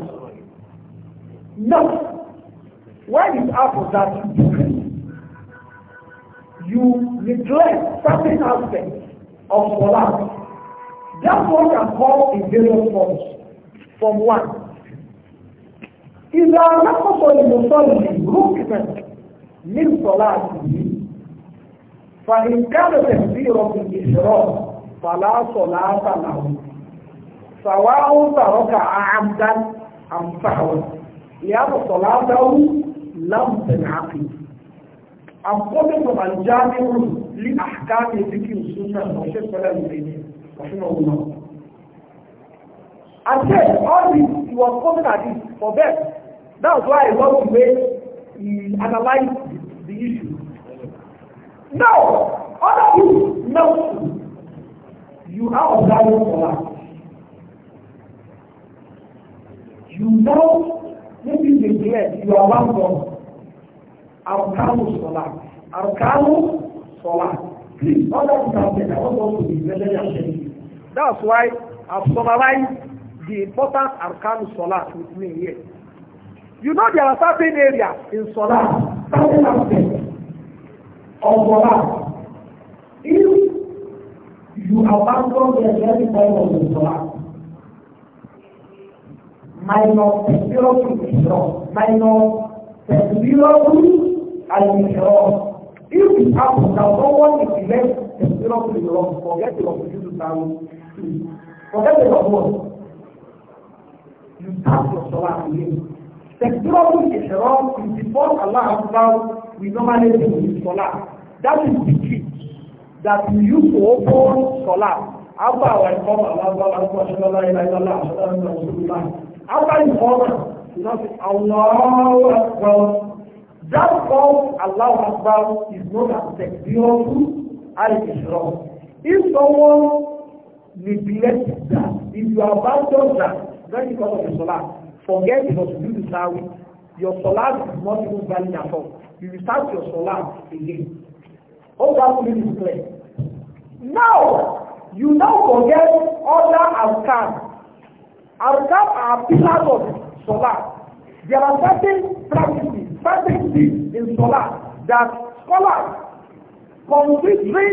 Now, Why is after that you neglect certain aspects of Salah. That one can come in various forms. From one, إذا نقص المصلي ركنا من صلاته فإن كان تكبيرة الإحرام فلا صلاة له سواء ترك عمدا أم سهوا solar صلاته لم تنعقد الطبق الجامع لأحكام ذكر السنة وشيخ صلاة الدين رحمه الله And then all this he was coming at it for them. That's why I want to make he the, the issue. Now, other people know you are observing for that. You know, maybe they declare you are one God arkanu sọlá arkanu sọlá please all that you have said I want us to be very attentive that's why I've summarized the important arkanu sọlá with me here you know there are certain areas in sọlá certain aspects of sọlá if you abandon the very point of the sọlá minus zero to zero minus zero to and it's If it happens that one is left the syrup the wrong, forget the opportunity to down. Forget the word. You start your salah again. Tekfirun is wrong is the first Allah has found we normally do in salah. That is the key that we use to open salah. After our call, Allah, Allah, Allah, Allah, Allah, Allah, After you call, you know, Allah, Allah, That form Allah Akbar is known as Tekbiratu al-Ishraq. If someone neglects that, if you abandon that, that is because of your salah. Forget what you do the salah. Your salah is not even valid at all. You restart your salah again. All that will be clear. Now, you now forget other arkan. Arkan are pillars of salah. There are certain practices perfectly in Salah that scholars completely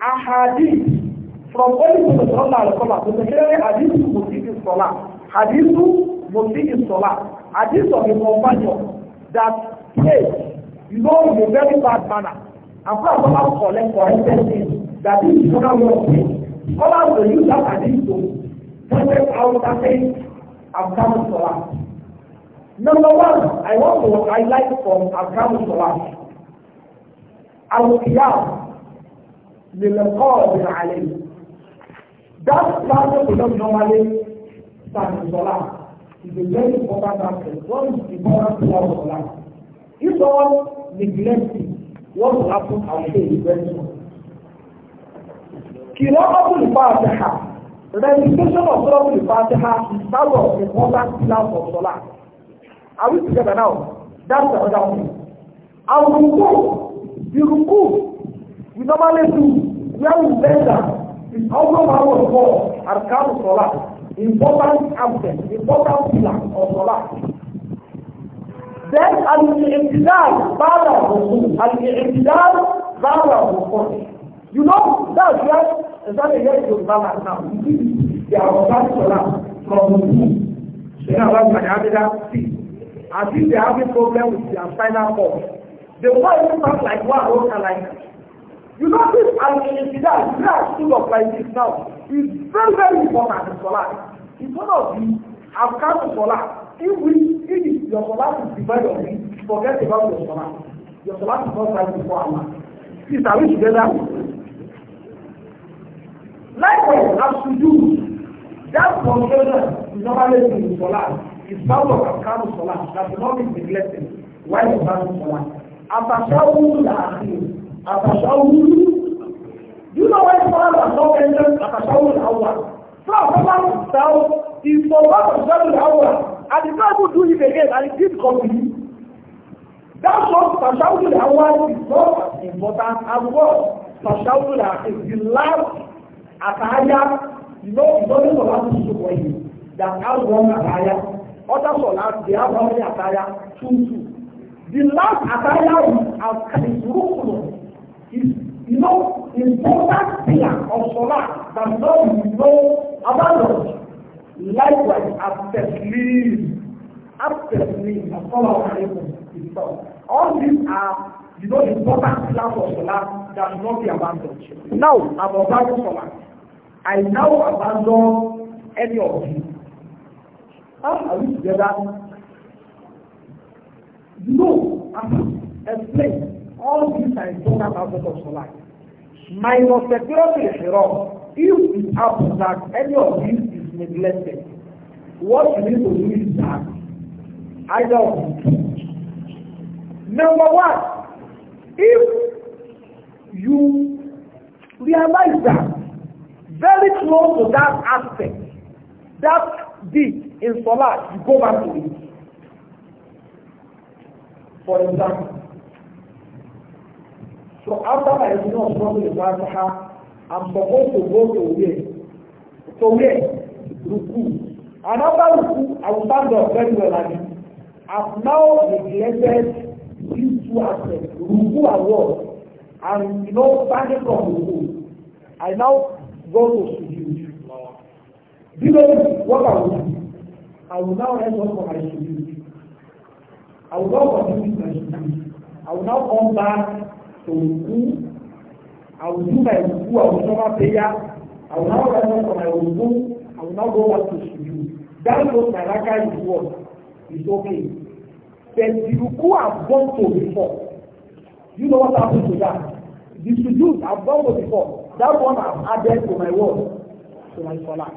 a hadith from only to the Salah al-Salah, to the clearly hadith to Musik in Salah, hadith to Musik in Salah, hadith of a companion that prays, you know, in a very bad manner. And for Salah collect for everything that is not your thing. Scholars will use that hadith to protect our that thing and come to Number one, I want to highlight from Akram Salah. Al-Qiyam للقادر عليه. That person we don't normally stand in Salah is a very important aspect. What is important to our Salah. If someone neglects it, what will happen? I will say it very soon. Qira'atul Fatiha. Recitation of Surah Al-Fatiha is part of the important pillars of Salah. Are we together now? That's another one. Our ruku, the ruku, we normally do, where we bend down, is also power of God, Arkan Salah, important aspect, important pillar of Salah. Then al-i'tidal, Bala Rasul, al-i'tidal, Bala Rasul. You know, that's where, is that a yes to Bala now? They are Arkan Salah from the Sunnah Allah Ta'ala, as if they are having problem with their spinal cord The won't even talk like one or other like you know this al-insidal you are full of like this now is very very important in solar it's one of the afghan solar in which if your solar is divided on it forget about your solar your solar is not like before Allah please are we together likewise as to do that confusion is not only in solar is part of Akanu Salah that the Lord is neglected while you have Salah. Atashawu Lahir. Atashawu. Do you know why Salah has not entered Atashawu Lahawah? So Salah itself is for part of Atashawu Lahawah. And the Bible do it again and it did continue. That's what Atashawu Lahawah is not as important as what Atashawu Lahawah is the last Atahaya. You know, it's only for us to support you. That has one Atahaya other salat, they have only attire, two, two. The last attire is rukun, is, you know, important pillar of salat that no we know about. Likewise, after taslim, after taslim, as-salamu alaykum, itself. All these are, you know, important pillars of salat that no not be abandoned. Now, I'm abandoning salat. I now abandon any of these. How are we together? No, I'm explain all these are important aspects of life. My security is wrong. If it happens that any of these is neglected, what you need to do is that either of Number one, if you realize that very close to that aspect, that deed in Salah, you go back to it. For example. So after I do not struggle with Fatiha, I'm supposed to go to where? To where? Ruku. And after Ruku, I will stand up very well at it. I've now neglected these two aspects, Ruku and what? And you know, standing from Ruku. I now go to Sujood. Do you know what I will do? I will now end up for my stupidity. I will not continue my stupidity. I will now come back to Ruku. I will do my Ruku. I will suffer prayer. I will now end up for my Ruku. I will now go back to Suju. That was my Raka is what? It's okay. Then the Ruku I've gone to before. You know what happened to that? The Suju I've gone to before. That one I've added to my word, to my Salah.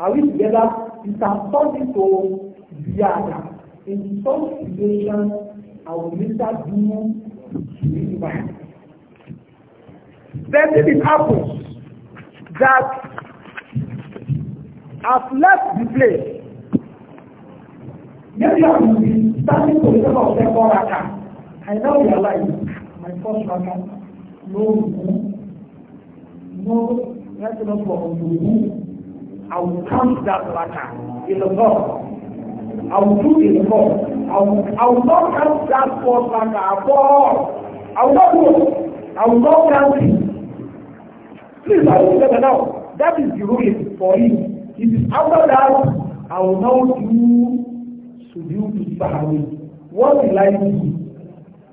Are we together? it has turned into yàrá in some situations our minister do deliver. Then if it happens that I've left the place, maybe I will be starting to level of the four raka. I now realize my first raka, no, no, no, that's not for me. I will count that matter in the God. I will do it for. I will, I will not count that false matter at I will not do it. I will not count it. Please, I will tell now. That is the ruling for him. It is after that, I will now do sujood to Sahawi. What will I do?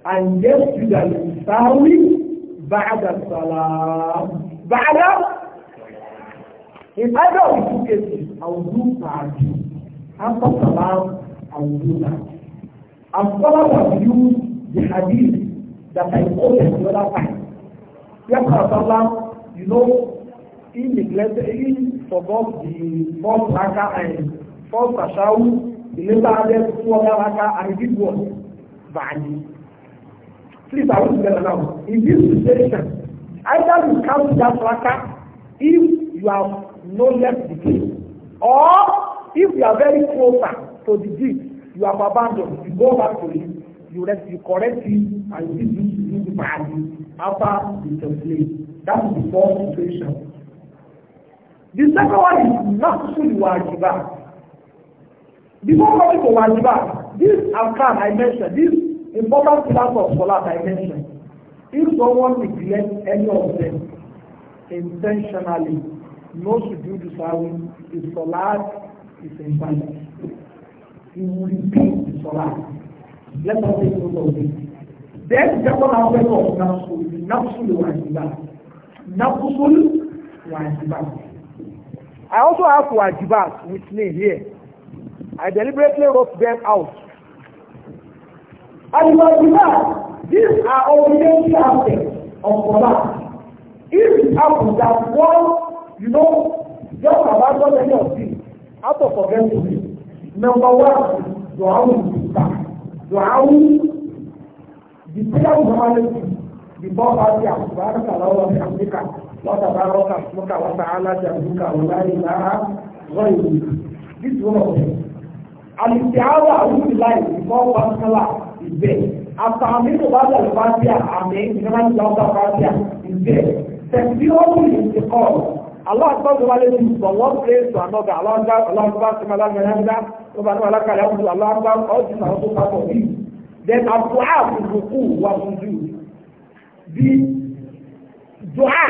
And yes, you that Sahawi, بعد الصلاة بعد In either of the two cases, I will do bad. not allowed. I will do that. As scholars have used the hadith that I quoted the other time. Yes, salam, you know, he neglected, he forgot the first raka and first tashawu, he later added two other raka and he did what? Ba'adi. Please, I will tell you now. In this situation, either you count that raka if you have no left the Or if you are very closer to the deed, you have abandoned, you go back to it, you, rest, you correct it, and you give it value after the translate. That is the first situation. The second one is not to do fully wajibat. Before coming to wajibat, this arkan I mentioned, this important pillars of salat I mentioned, if someone neglect any of them intentionally, no sujudu sahwi his salat is invalid. He will repeat the salat. Let us take note of this. Then second aspect of nafsu is nafsul wajibat. Nafsul wajibat. I also have wajibat with me here. I deliberately wrote them out. And wajibat, these are obligatory aspects of salat. If it happens that one You know, just about so many of these, out of forgetfulness, number one, dua will be back. Dua will, the prayer will normally before party of Subhanahu wa ta'ala wa bihamdika wa tabaraka ismuka wa ta'ala jabduka wa la ilaha ghayruka. This one of them. Al-Istiawa will be like before Basmala is there. After Amin Ubad al-Fatiha, Amin, Imam Jawda Fatiha is there. Then the only is the call Allah subhanahu wa ta'ala from one place to another. Allah Akbar, Allah Akbar, Sima Allah Mayanda, Sima Allah Akbar, Allah Akbar, all these are part of it. Then our dua is ruku wa sujood. The dua,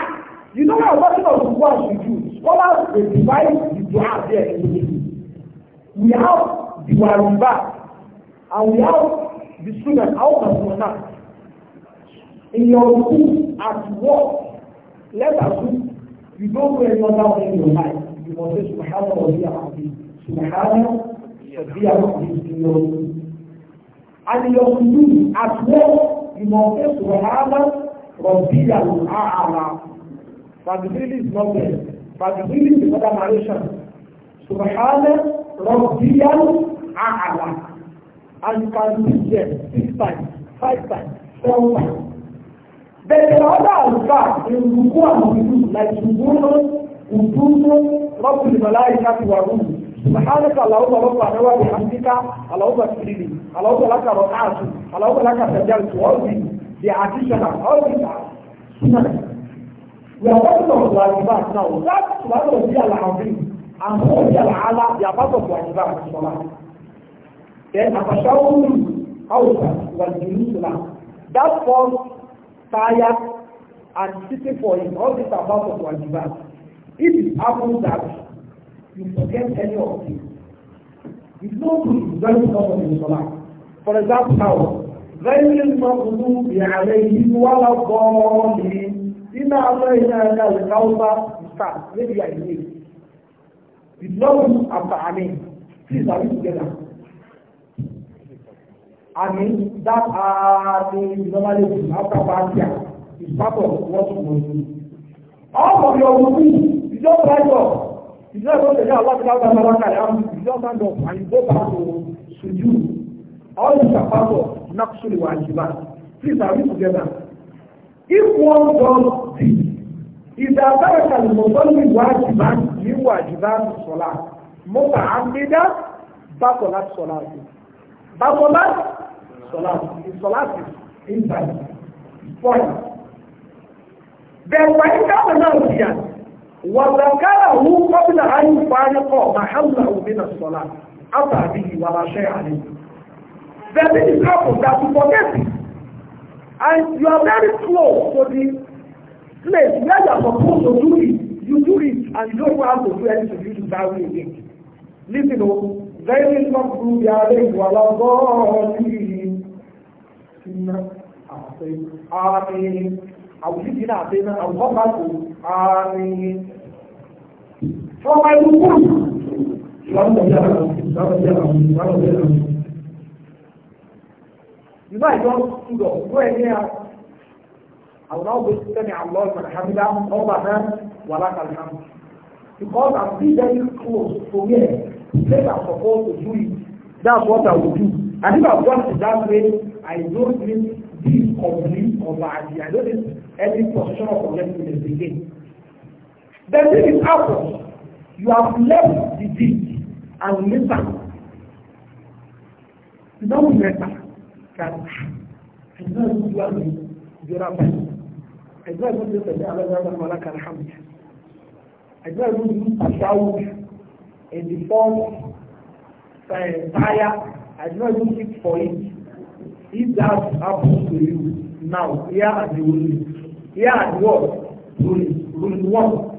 you know what I'm talking about ruku and sujood. Scholars, they divide the dua there in the We have the warimba and we have the student out of sunnah. In your ruku at work, let us do You don't wear your down in your life. You must say, Subhanallah wa biya be Subhanallah wa biya rahmi in your room. And your sujood as well, you must say, Subhanallah wa But the Fagdili is not there. But the Fagdili is another narration. Subhanallah wa biya rahmi. And you can read them six times, five times, seven times. Bẹ̀rẹ̀ ọ̀dà àlùfà èrùkú àmùdù làjùmúnú ùdúnú rọ́pùlì màláìka ti wà rúù. سبحانك اللهم ربنا وبحمدك اللهم اغفر لي اللهم لك ركعت اللهم لك سجدت وارضي بعاتشنا ارضي سنك We are talking of Wajibat now. That Subhanahu wa ta'ala al-Azim and Subhanahu wa ta'ala they are part of Wajibat in Salah. Then Abashawun Awsa was Jerusalem. That falls tired and sitting for him all this about of wajibat if it happens that you forget any of this it's no good it's very common in Islam for example now غير المغضوب عليهم ولا الضالين إن أعطينا لك الكوثر start maybe I need the love after I mean please are we together I mean, that are uh, the normally after Batia is part of what you must do. All of your wudu, you just rise up. You just don't say, Allah is out of Malaka, you just stand up and you go back to sujood. All these are part of Naqsul wa Ajibat. Please are we together? If one does this, إذا ترك المصلي واجبا من واجبات الصلاة متعمدا بطلت صلاته. بطلت Salat. His Salat is inside. Spoiled. Then when he got announced here, وذكره قبل أن يفارق محله من الصلاة أتى به ولا شيء عليه. Then it is happened that you forget And you are very close to the place where you are supposed to do it. You do it and you don't want to do anything. You do that way again. Listen, oh, very much good. They are late. Well, I'm na akwai amin abu shi na akwai na abu ba ku amin to mai rukun lọ́wọ́ bí àwọn lọ́wọ́ bí àwọn lọ́wọ́ bí àwọn. Ìgbà ìjọ ṣùgbọ́ ló ẹ̀ ní àwọn ọgbẹ́ sẹ́ni àlọ́ ìmọ̀lẹ́hàmílá ọba náà wà lákàlẹ́hàmù. Because I'm still very close to where they are supposed to do it. That's what I will do. And if I want to that way, I don't need this complete or bad. I don't need any portion of forgetfulness again. Then this is outward. You have left the deed and later. No matter can I know you are me, you are me. I know you are me, Allah Jalla Malak Alhamd. I know you are tashawud in the form of fire. I know you seek for it. If that happens to you now, here are the rulings. Here are the what? Rulings. Ruling one.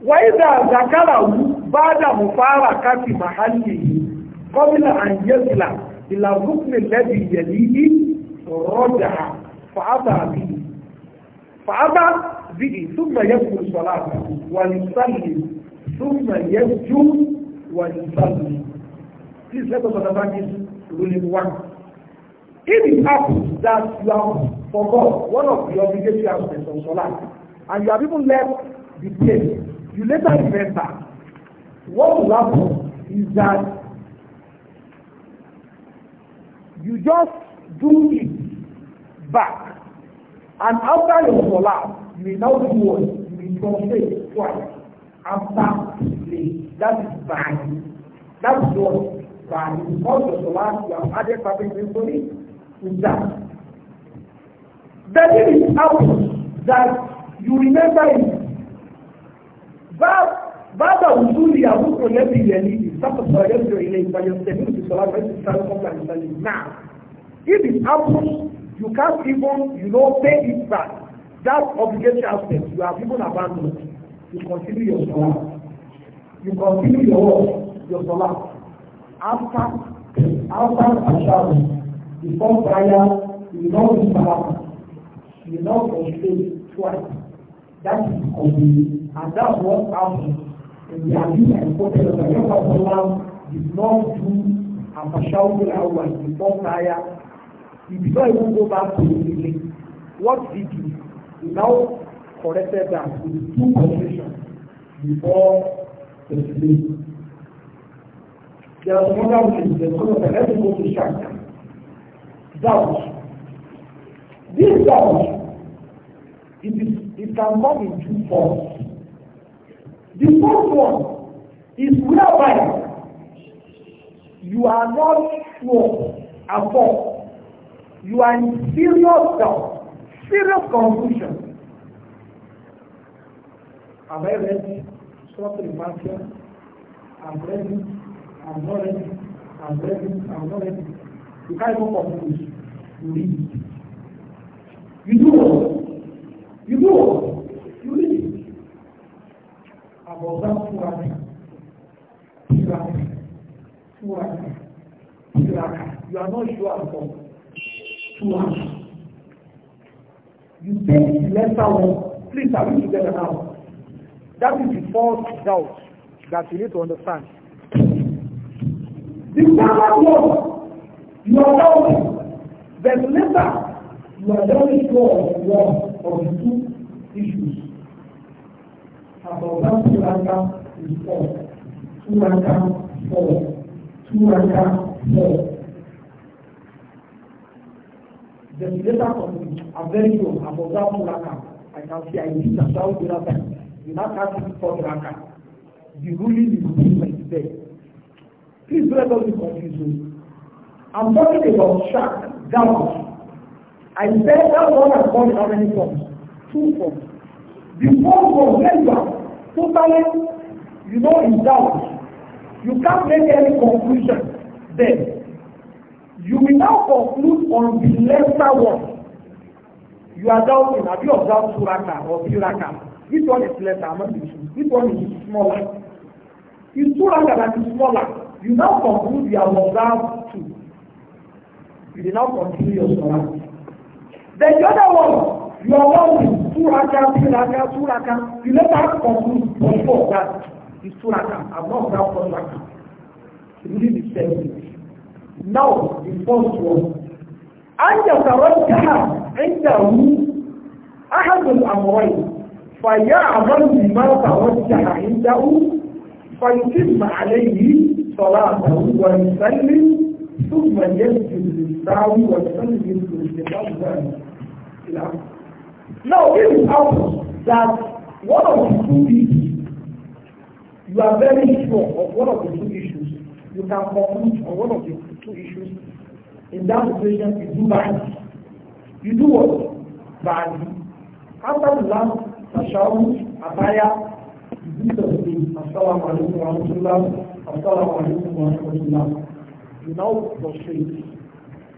وإذا ذكره بعد مفارقة محله قبل أن يصل إلى الركن الذي يليه رجع فأتى به فأتى به ثم يدخل صلاته ويصلي ثم يسجد ويصلي. Please let us understand this rule one. If it happens that you have forgot one of the obligations in some solar, and you have even left the place, you later remember what will happen is that you just do it back and after your solar you will now do what you will compensate twice after the that is bad that is what بعد موت الصلاة لو حدث من الصلاة that that it is out that you remember it بعد وصول يعقوب الذي يليه سقط ويرجع إليه فيستمر في الصلاة ويستسلم قبل أن يسلم نعم if it happens you can't even you know pay it back that obligation aspect you have even abandoned you continue your salah you continue your work your salah after after ashabu before prayer you know the salah you know for say twice that is complete and that what happened in the hadith and quoted of the Prophet did not do ashabu al-awwal before prayer he did not even go back to the beginning what did he he now corrected that with two conditions before the sleep. There are some other things that come up, and let me go Doubt. This doubt, it, is, it can come in two forms. The first one is whereby you are not sure at all. You are in serious doubt, serious confusion. Have I read something about you? I? ready. I'm not ready, I'm ready, I'm not ready. You can't even confuse. You read it. You do what? You do what? You read it. I've observed Furaka, Piraka, Furaka, Piraka. You are not sure at all. Furaka. You take the lesser one. Please, are we together now? That is the false doubt that you need to understand. The father was, you are wealthy. Then later, you are very sure of one of the two issues. About that two ranker is four. Two ranker four. Two ranker four. Then later on, I'm very sure about that two ranker. I can see I did that out the other time. You now can't see four ranker. The ruling is different there. Please let us be confused. I'm talking about shark, doubt. I said that one has gone how many forms? Two forms. The form of labor, totally, you know, in doubt. You can't make any conclusion Then You will now conclude on the lesser one. You are doubting. Have you observed Suraka or Piraka? Which one is lesser among the two? Which one is smaller? Is Suraka that is smaller? you now conclude your moral observed You did not continue your salah. Then the other one, you are one with two raka, three raka, two raka. You never conclude before that is two raka. I'm not observed for raka. You need to tell me. Now, the first one. أن يترجح عنده أحد الأمرين فيعمل بما ترجح عنده فيتم عليه صلاة ويسلم ثم يسجد للساوي ويسلم للأفضل Now it is obvious that one of the two issues, you are very sure of one of the two issues, you can conclude on one of the two issues. In that situation, you do bad. You do what? Bad. After the last tashahud, abaya, you do the thing, assalamu alaikum wa rahmatullah, Assalamu alaikum wa rahmatullah. You now prostrate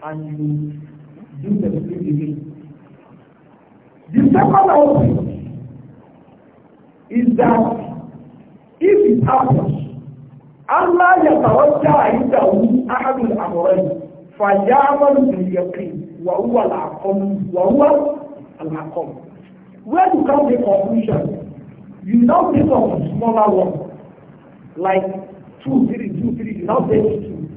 and you do the same again. The second option is that if it happens, Allah yatawajja indahu ahadul amrayn fayamal bil yaqin wa huwa al aqam wa huwa al aqam. When you come to conclusion, you now think of a smaller one, like two, three, two, three, you now take two.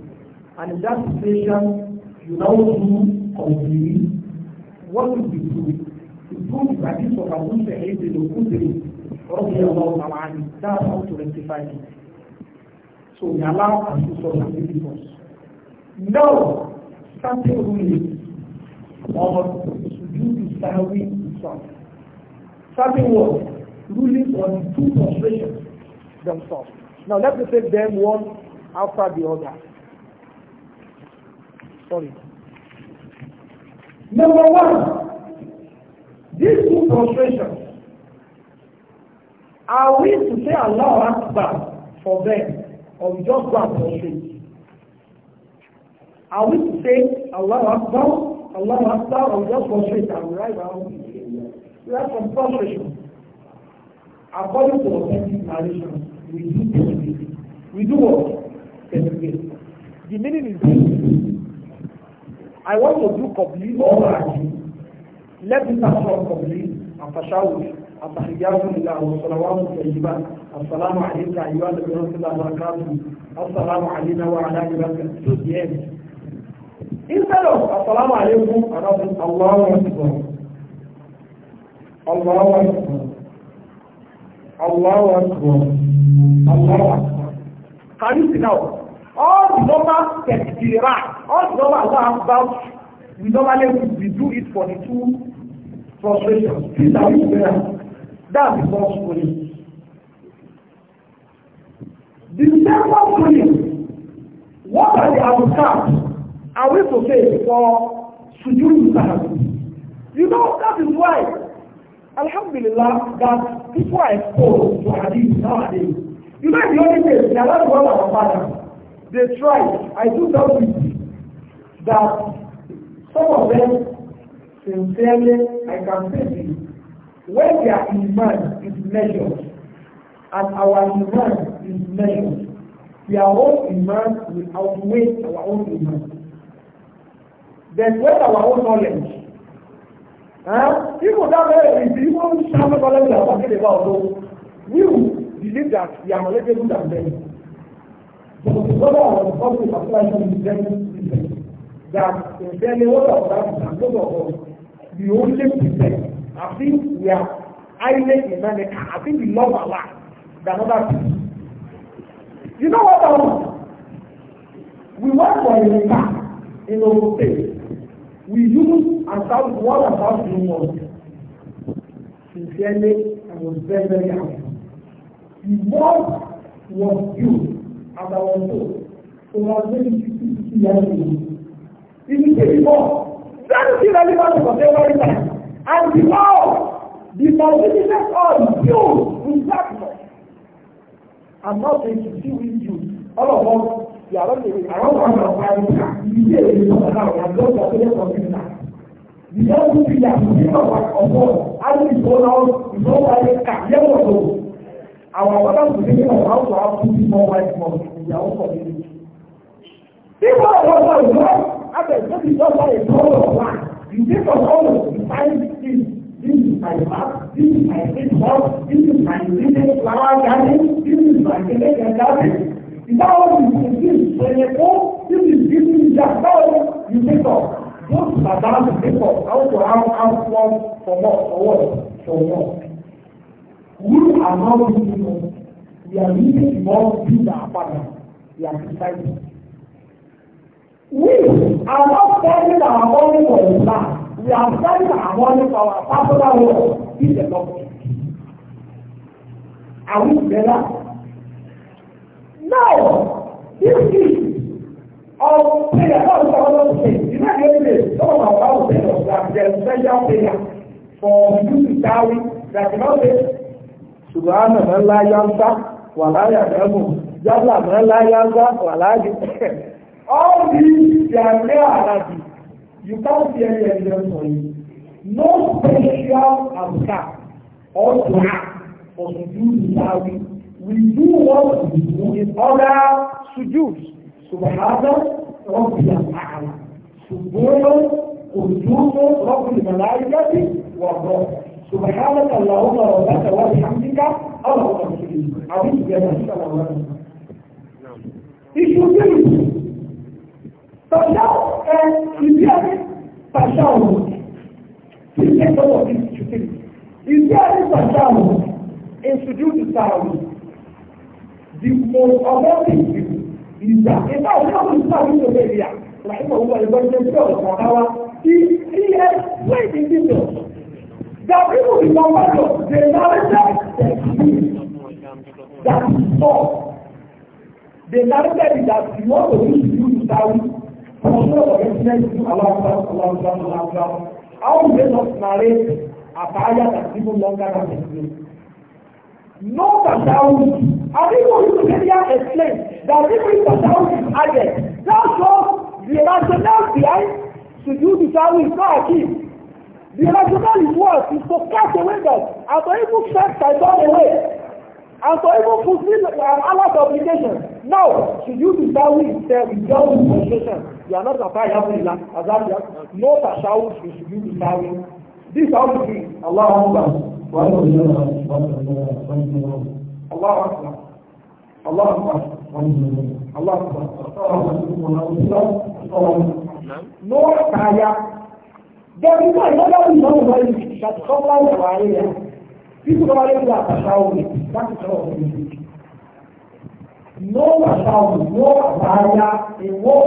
And in that situation, you now do complete. What will you do? You do the hadith of Abu Sa'id al-Khudri, radiallahu ta'ala anhu. That's how to rectify it. So we allow and do some activities. Now, starting ruling on sujood sahwi itself. Something was ruling on two prostrations themselves. Now let me take them one after the other. Sorry. Number one, these two frustrations, are we to say Allah Akbar for them or we just go and prostrate? Are we to say Allah Akbar, Allah Akbar or we just prostrate and right around? We have some frustration according to authentic narration we do testing. We do what? Testing. The meaning is this. I want to do complete or action. Let me start from complete and fashawush. التحيات لله والصلوات الطيبات السلام عليك ايها النبي ورحمه الله وبركاته السلام علينا وعلى عبادك الصالحين instead of assalamu alaikum and I'll say Allahu Akbar Allahu Akbar Allahu Akbar Can you see now? All the normal, that the right, all the normal, that have about, we normally we do it for the two frustrations. These are together. That's the first schooling. The second schooling, what are the advocates? Are we to say for sujood sahabi? You know, that is why, alhamdulillah, that people are exposed to hadith nowadays. You know the only thing, they are not one of our fathers. They try. I do tell you that some of them, sincerely, I can say this, when their iman is measured and our iman is measured, their own iman will outweigh our own iman. Then when our own knowledge Huh? People that very people shout about them, are talking about those. We believe that their knowledgeable than them. So the brother of the public applies to them that in telling all of and those of us, the only people, I think we are highly imanic, I think we love Allah than other people. You know what I want? We work for a car in our state. We use and sell one and a half million. Sincerely, I was very, very happy. The word was you and our soul. So we are ready to see the enemy. If you say before, that is irrelevant for every time. And the the magnificent all is you with darkness. I'm not going to deal with you. All of us, we are not going to around our time. You say it is not allowed. I'm not going to tell you that. The young people that you know what of all, I think it's all out, it's all like a cat, yellow. Our father will thinking of how to have two more wives for their own community. People are not going to know that the church is just like a tower of land. You think of all of the five things. This is my map, this is my big house, this is my little flower garden, this is my little garden. Is that what you think? When you go, this is giving you that power you think of. Those are think of how to have outcomes for more, for what, for more. You are not people. You are leading more people that are You are disciples. We are not spending our money for the plan. We are spending our money for our personal work. This is the gospel. Are we this is of prayer. That is another thing. You know, anyway, some of our Bible says that there is special prayer for you ṣùgbọ́n àmọ̀ mọ́ láyá ń bá wà láyà mẹ́mù yálà mọ́ láyá ń bá wà láyà all these jàǹdé àràbì you can't see any evidence for you no special abuka or dua for sujood sawi we do what we do in order sujood subahana rọ́bìyà àhàlà ṣùgbọ́n ojú rọ́bìyà màláyà wà rọ́bìyà. سبحانك اللهم ربك وبحمدك اللهم اغفر عظيم جلالك اللهم Ìṣòjú ìlú, tọ́já ẹ ìdí àrí pàṣà òun, tí ṣe tọ́wọ́ bí ṣùkú. Ìdí àrí pàṣà òun, ìṣòjú ti ta òun. The most authentic ìgbà ìgbà òun náà ń sáré ní òun èrìà, làìmọ̀ òun wà ìgbọ́n jẹ́ sí ọ̀rọ̀ kàkáwá. He he explained in detail. That people become righteous, they narrated their belief that is false. They narrated that you want to reach you to How they not narrate a fire that's even longer than the slave? No Tasawuf. And people in Wikipedia explain that people in Tasawuf is added. That shows the rationale behind to do Tasawuf is not achieved. The rationale in words is to cast away God and to even set by away and to even fulfill um, Allah's obligation. Now, should you be down instead with your own obligation? You are not a fire Allah, as I am. No tashawud should you be down. This is how it is. Allah Akbar. Allah Akbar. Allah Akbar. Allah Akbar. Akbar. No tire Gẹ̀bí náà ìlọ́gbà ní ìlọ́wọ́ bá yìí ṣàtì sọ́kọ́ ìwà ayé rẹ̀. Títù bá yẹ kí àtàṣà omi láti sọ̀rọ̀ fún mi. No àṣà omi, no àbáyá, èwọ́,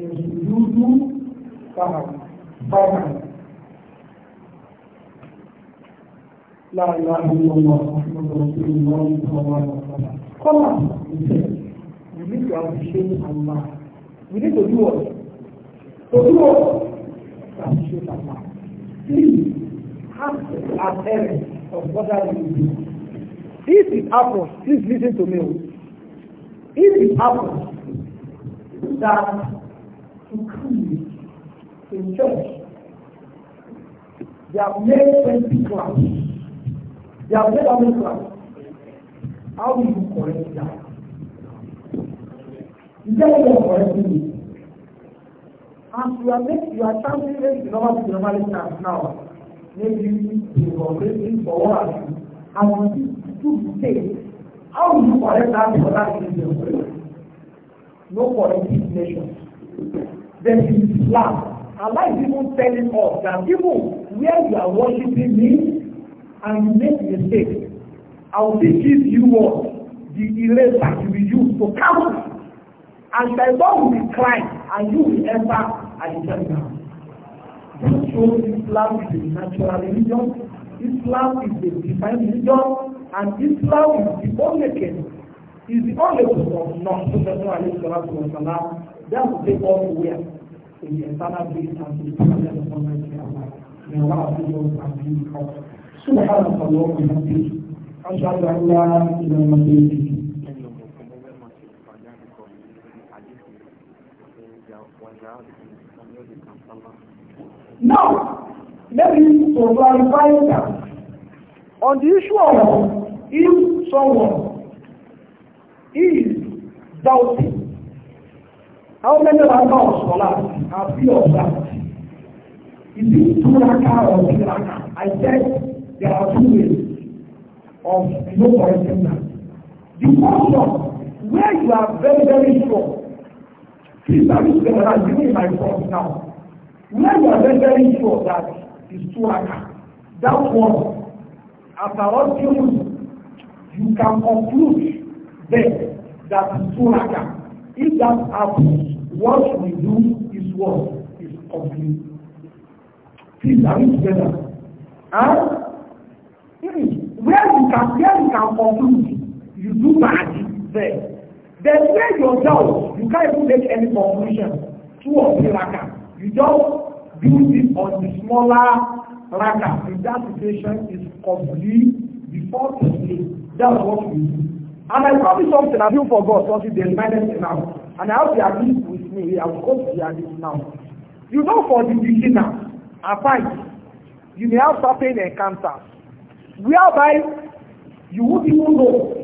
èyí dúdú, fáwọn. Láàrín àwọn ọmọ ọmọ ìlú ọmọ ìlú Kọ́lá, we need to appreciate Allah. We need to do what? To do what? and show that now. Please ask as parents of whether you do. If it happens, please listen to me. If it happens that to come in church, they have made 20 class. They have made how many class? How will you correct that? Is that what you are correcting me? as you are making you are changing rate to normal to normal standard now maybe you go waiting for one or two and on this two mistakes how will you correct that for that reason no corrective measures then in Islam Allah is even telling us that even where you are worshiping me and you make mistake, I will still give you what the eraser you will use to count and thy God will cry, and you will enter Alexander. This shows Islam is a natural religion, Islam is a divine religion, and Islam is the only king, is the only one of not professional alayhi salatu the salam that will take us where in the eternal place and to the presence of Almighty Allah. May Allah be with us and be with us. سبحانك اللهم وبحمدك أشهد أن لا إله إلا أنت Now, let me to clarify that. On the issue of if someone is doubting, how many rakahs for that are free of that? Is it two rakah or three rakah? I said there are two ways of no correcting that. The first one, where you are very, very sure, please let me generalize, give me my thoughts now. When you are very, very sure that it's two acres. That one, after all humans, you can conclude then that it's two acres. If that happens, what we do is what is complete. Please, are we together? Huh? Hmm. Where you can where you can conclude, you do magic there. Then where your doubt, you can't even make any conclusion. Two or three like You just building on the smaller raka in that situation is complete before the day. That's what we do. And I promise something I didn't forgot something they reminded now. And I hope they are this with me. I will hope they are this now. You know for the beginner, apart, you may have certain encounters whereby you would even know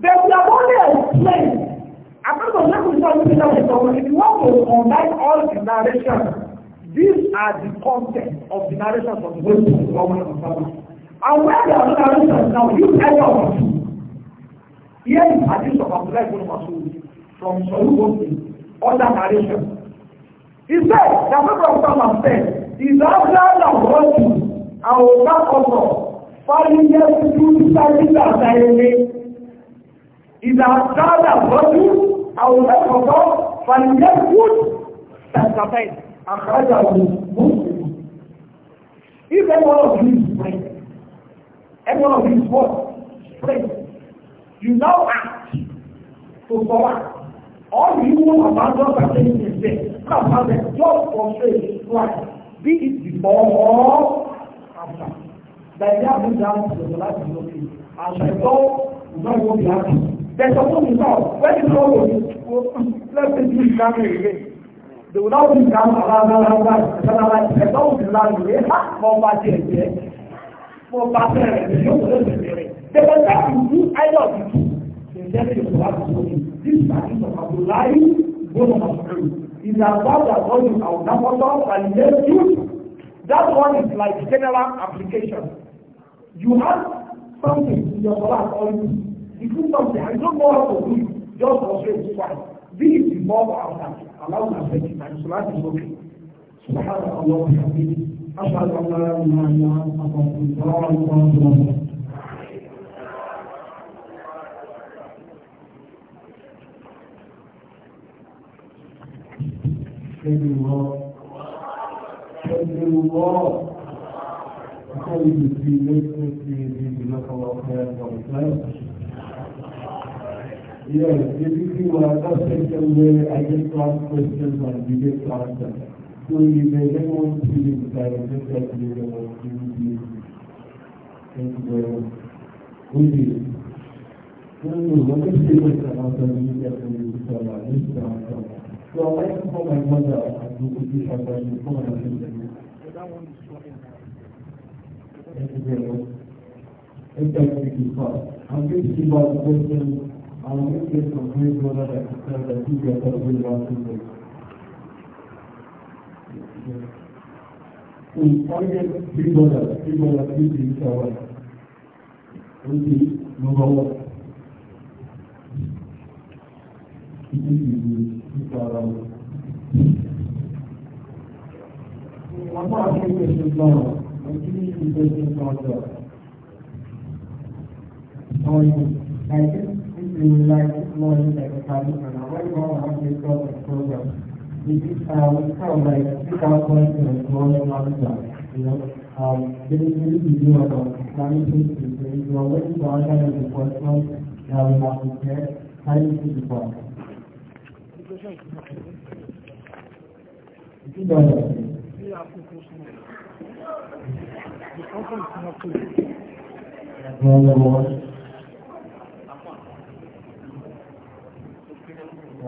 But we have only explained. Apart from that, we have seen that if you want to combine all the narrations, these are the content of the narrations of the Holy Spirit of God. And when there are narrations now, you tell your to, two. Here is a list of Abdullah ibn Masud from Solubosi, other narration. He said, the Prophet of Islam said, is after the world, our back of God, finding them to do the service إذا قال الرجل أو نفض فليسجد سجدتين أخرجه مسلم If one of you is praying, every one of you is what? Praying. You now act to Salah. All you know about God are saying is this. How about the job for faith, right? Be it before or after. By the time you down to the last you know, and Shaitan will not be happy. There's a woman now. Where is the woman? Let's say this family remain. They will not be down around around around around. They don't be lying away. Ha! More bad here and there. More bad here and there. You will not be They will tell you, you, I love you too. They tell you to have to This is the thing of Abdullahi, God of Abdullahi. It's about that God is our number one and left you. That one is like general application. You have something in your life or you You do something. I don't know how to do it. Just concentrate. It's fine. This is more about that. Allah will affect it. And Salat is okay. سبحانك اللهم وبحمدك أشهد أن لا إله إلا أنت أستغفرك وأتوب إليك حمد الله حمد الله وخير في ليلة في ذي الله وخير وخير Yes, basically what I the sessions where I get ask questions and we just answer. So if anyone feels that I have to give an you. thank you very much. We did. No, no, what is the question about the media for you to tell us? This is the answer. So I'd like to call my mother and do what you have you. before and I'll Thank you very much. you. Thank you. Thank you. Thank you. Thank you. Thank you. Thank you. and if this complete order that is said that you get that will want to do. We pointed three dollars, three dollars, three things away. Will be number one. It is easy, it's around. I'm not asking questions now. I'm giving you questions now, sir. How are you? Guidance? really like learning that we're talking and What do you want to do the program? We just, uh, we kind like pick out and growing on the job, you know. Um, there is really to do about Islamic history, there is already the archive of the first one that we have to share. How do you see the book? You know You Yeah, of course. The problem is not too. Yeah, well,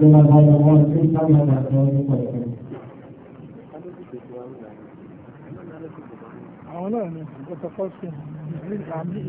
ربنا هذا الله كيف هذا àwọn náà ni ọ̀pọ̀ pọ̀ sí àmì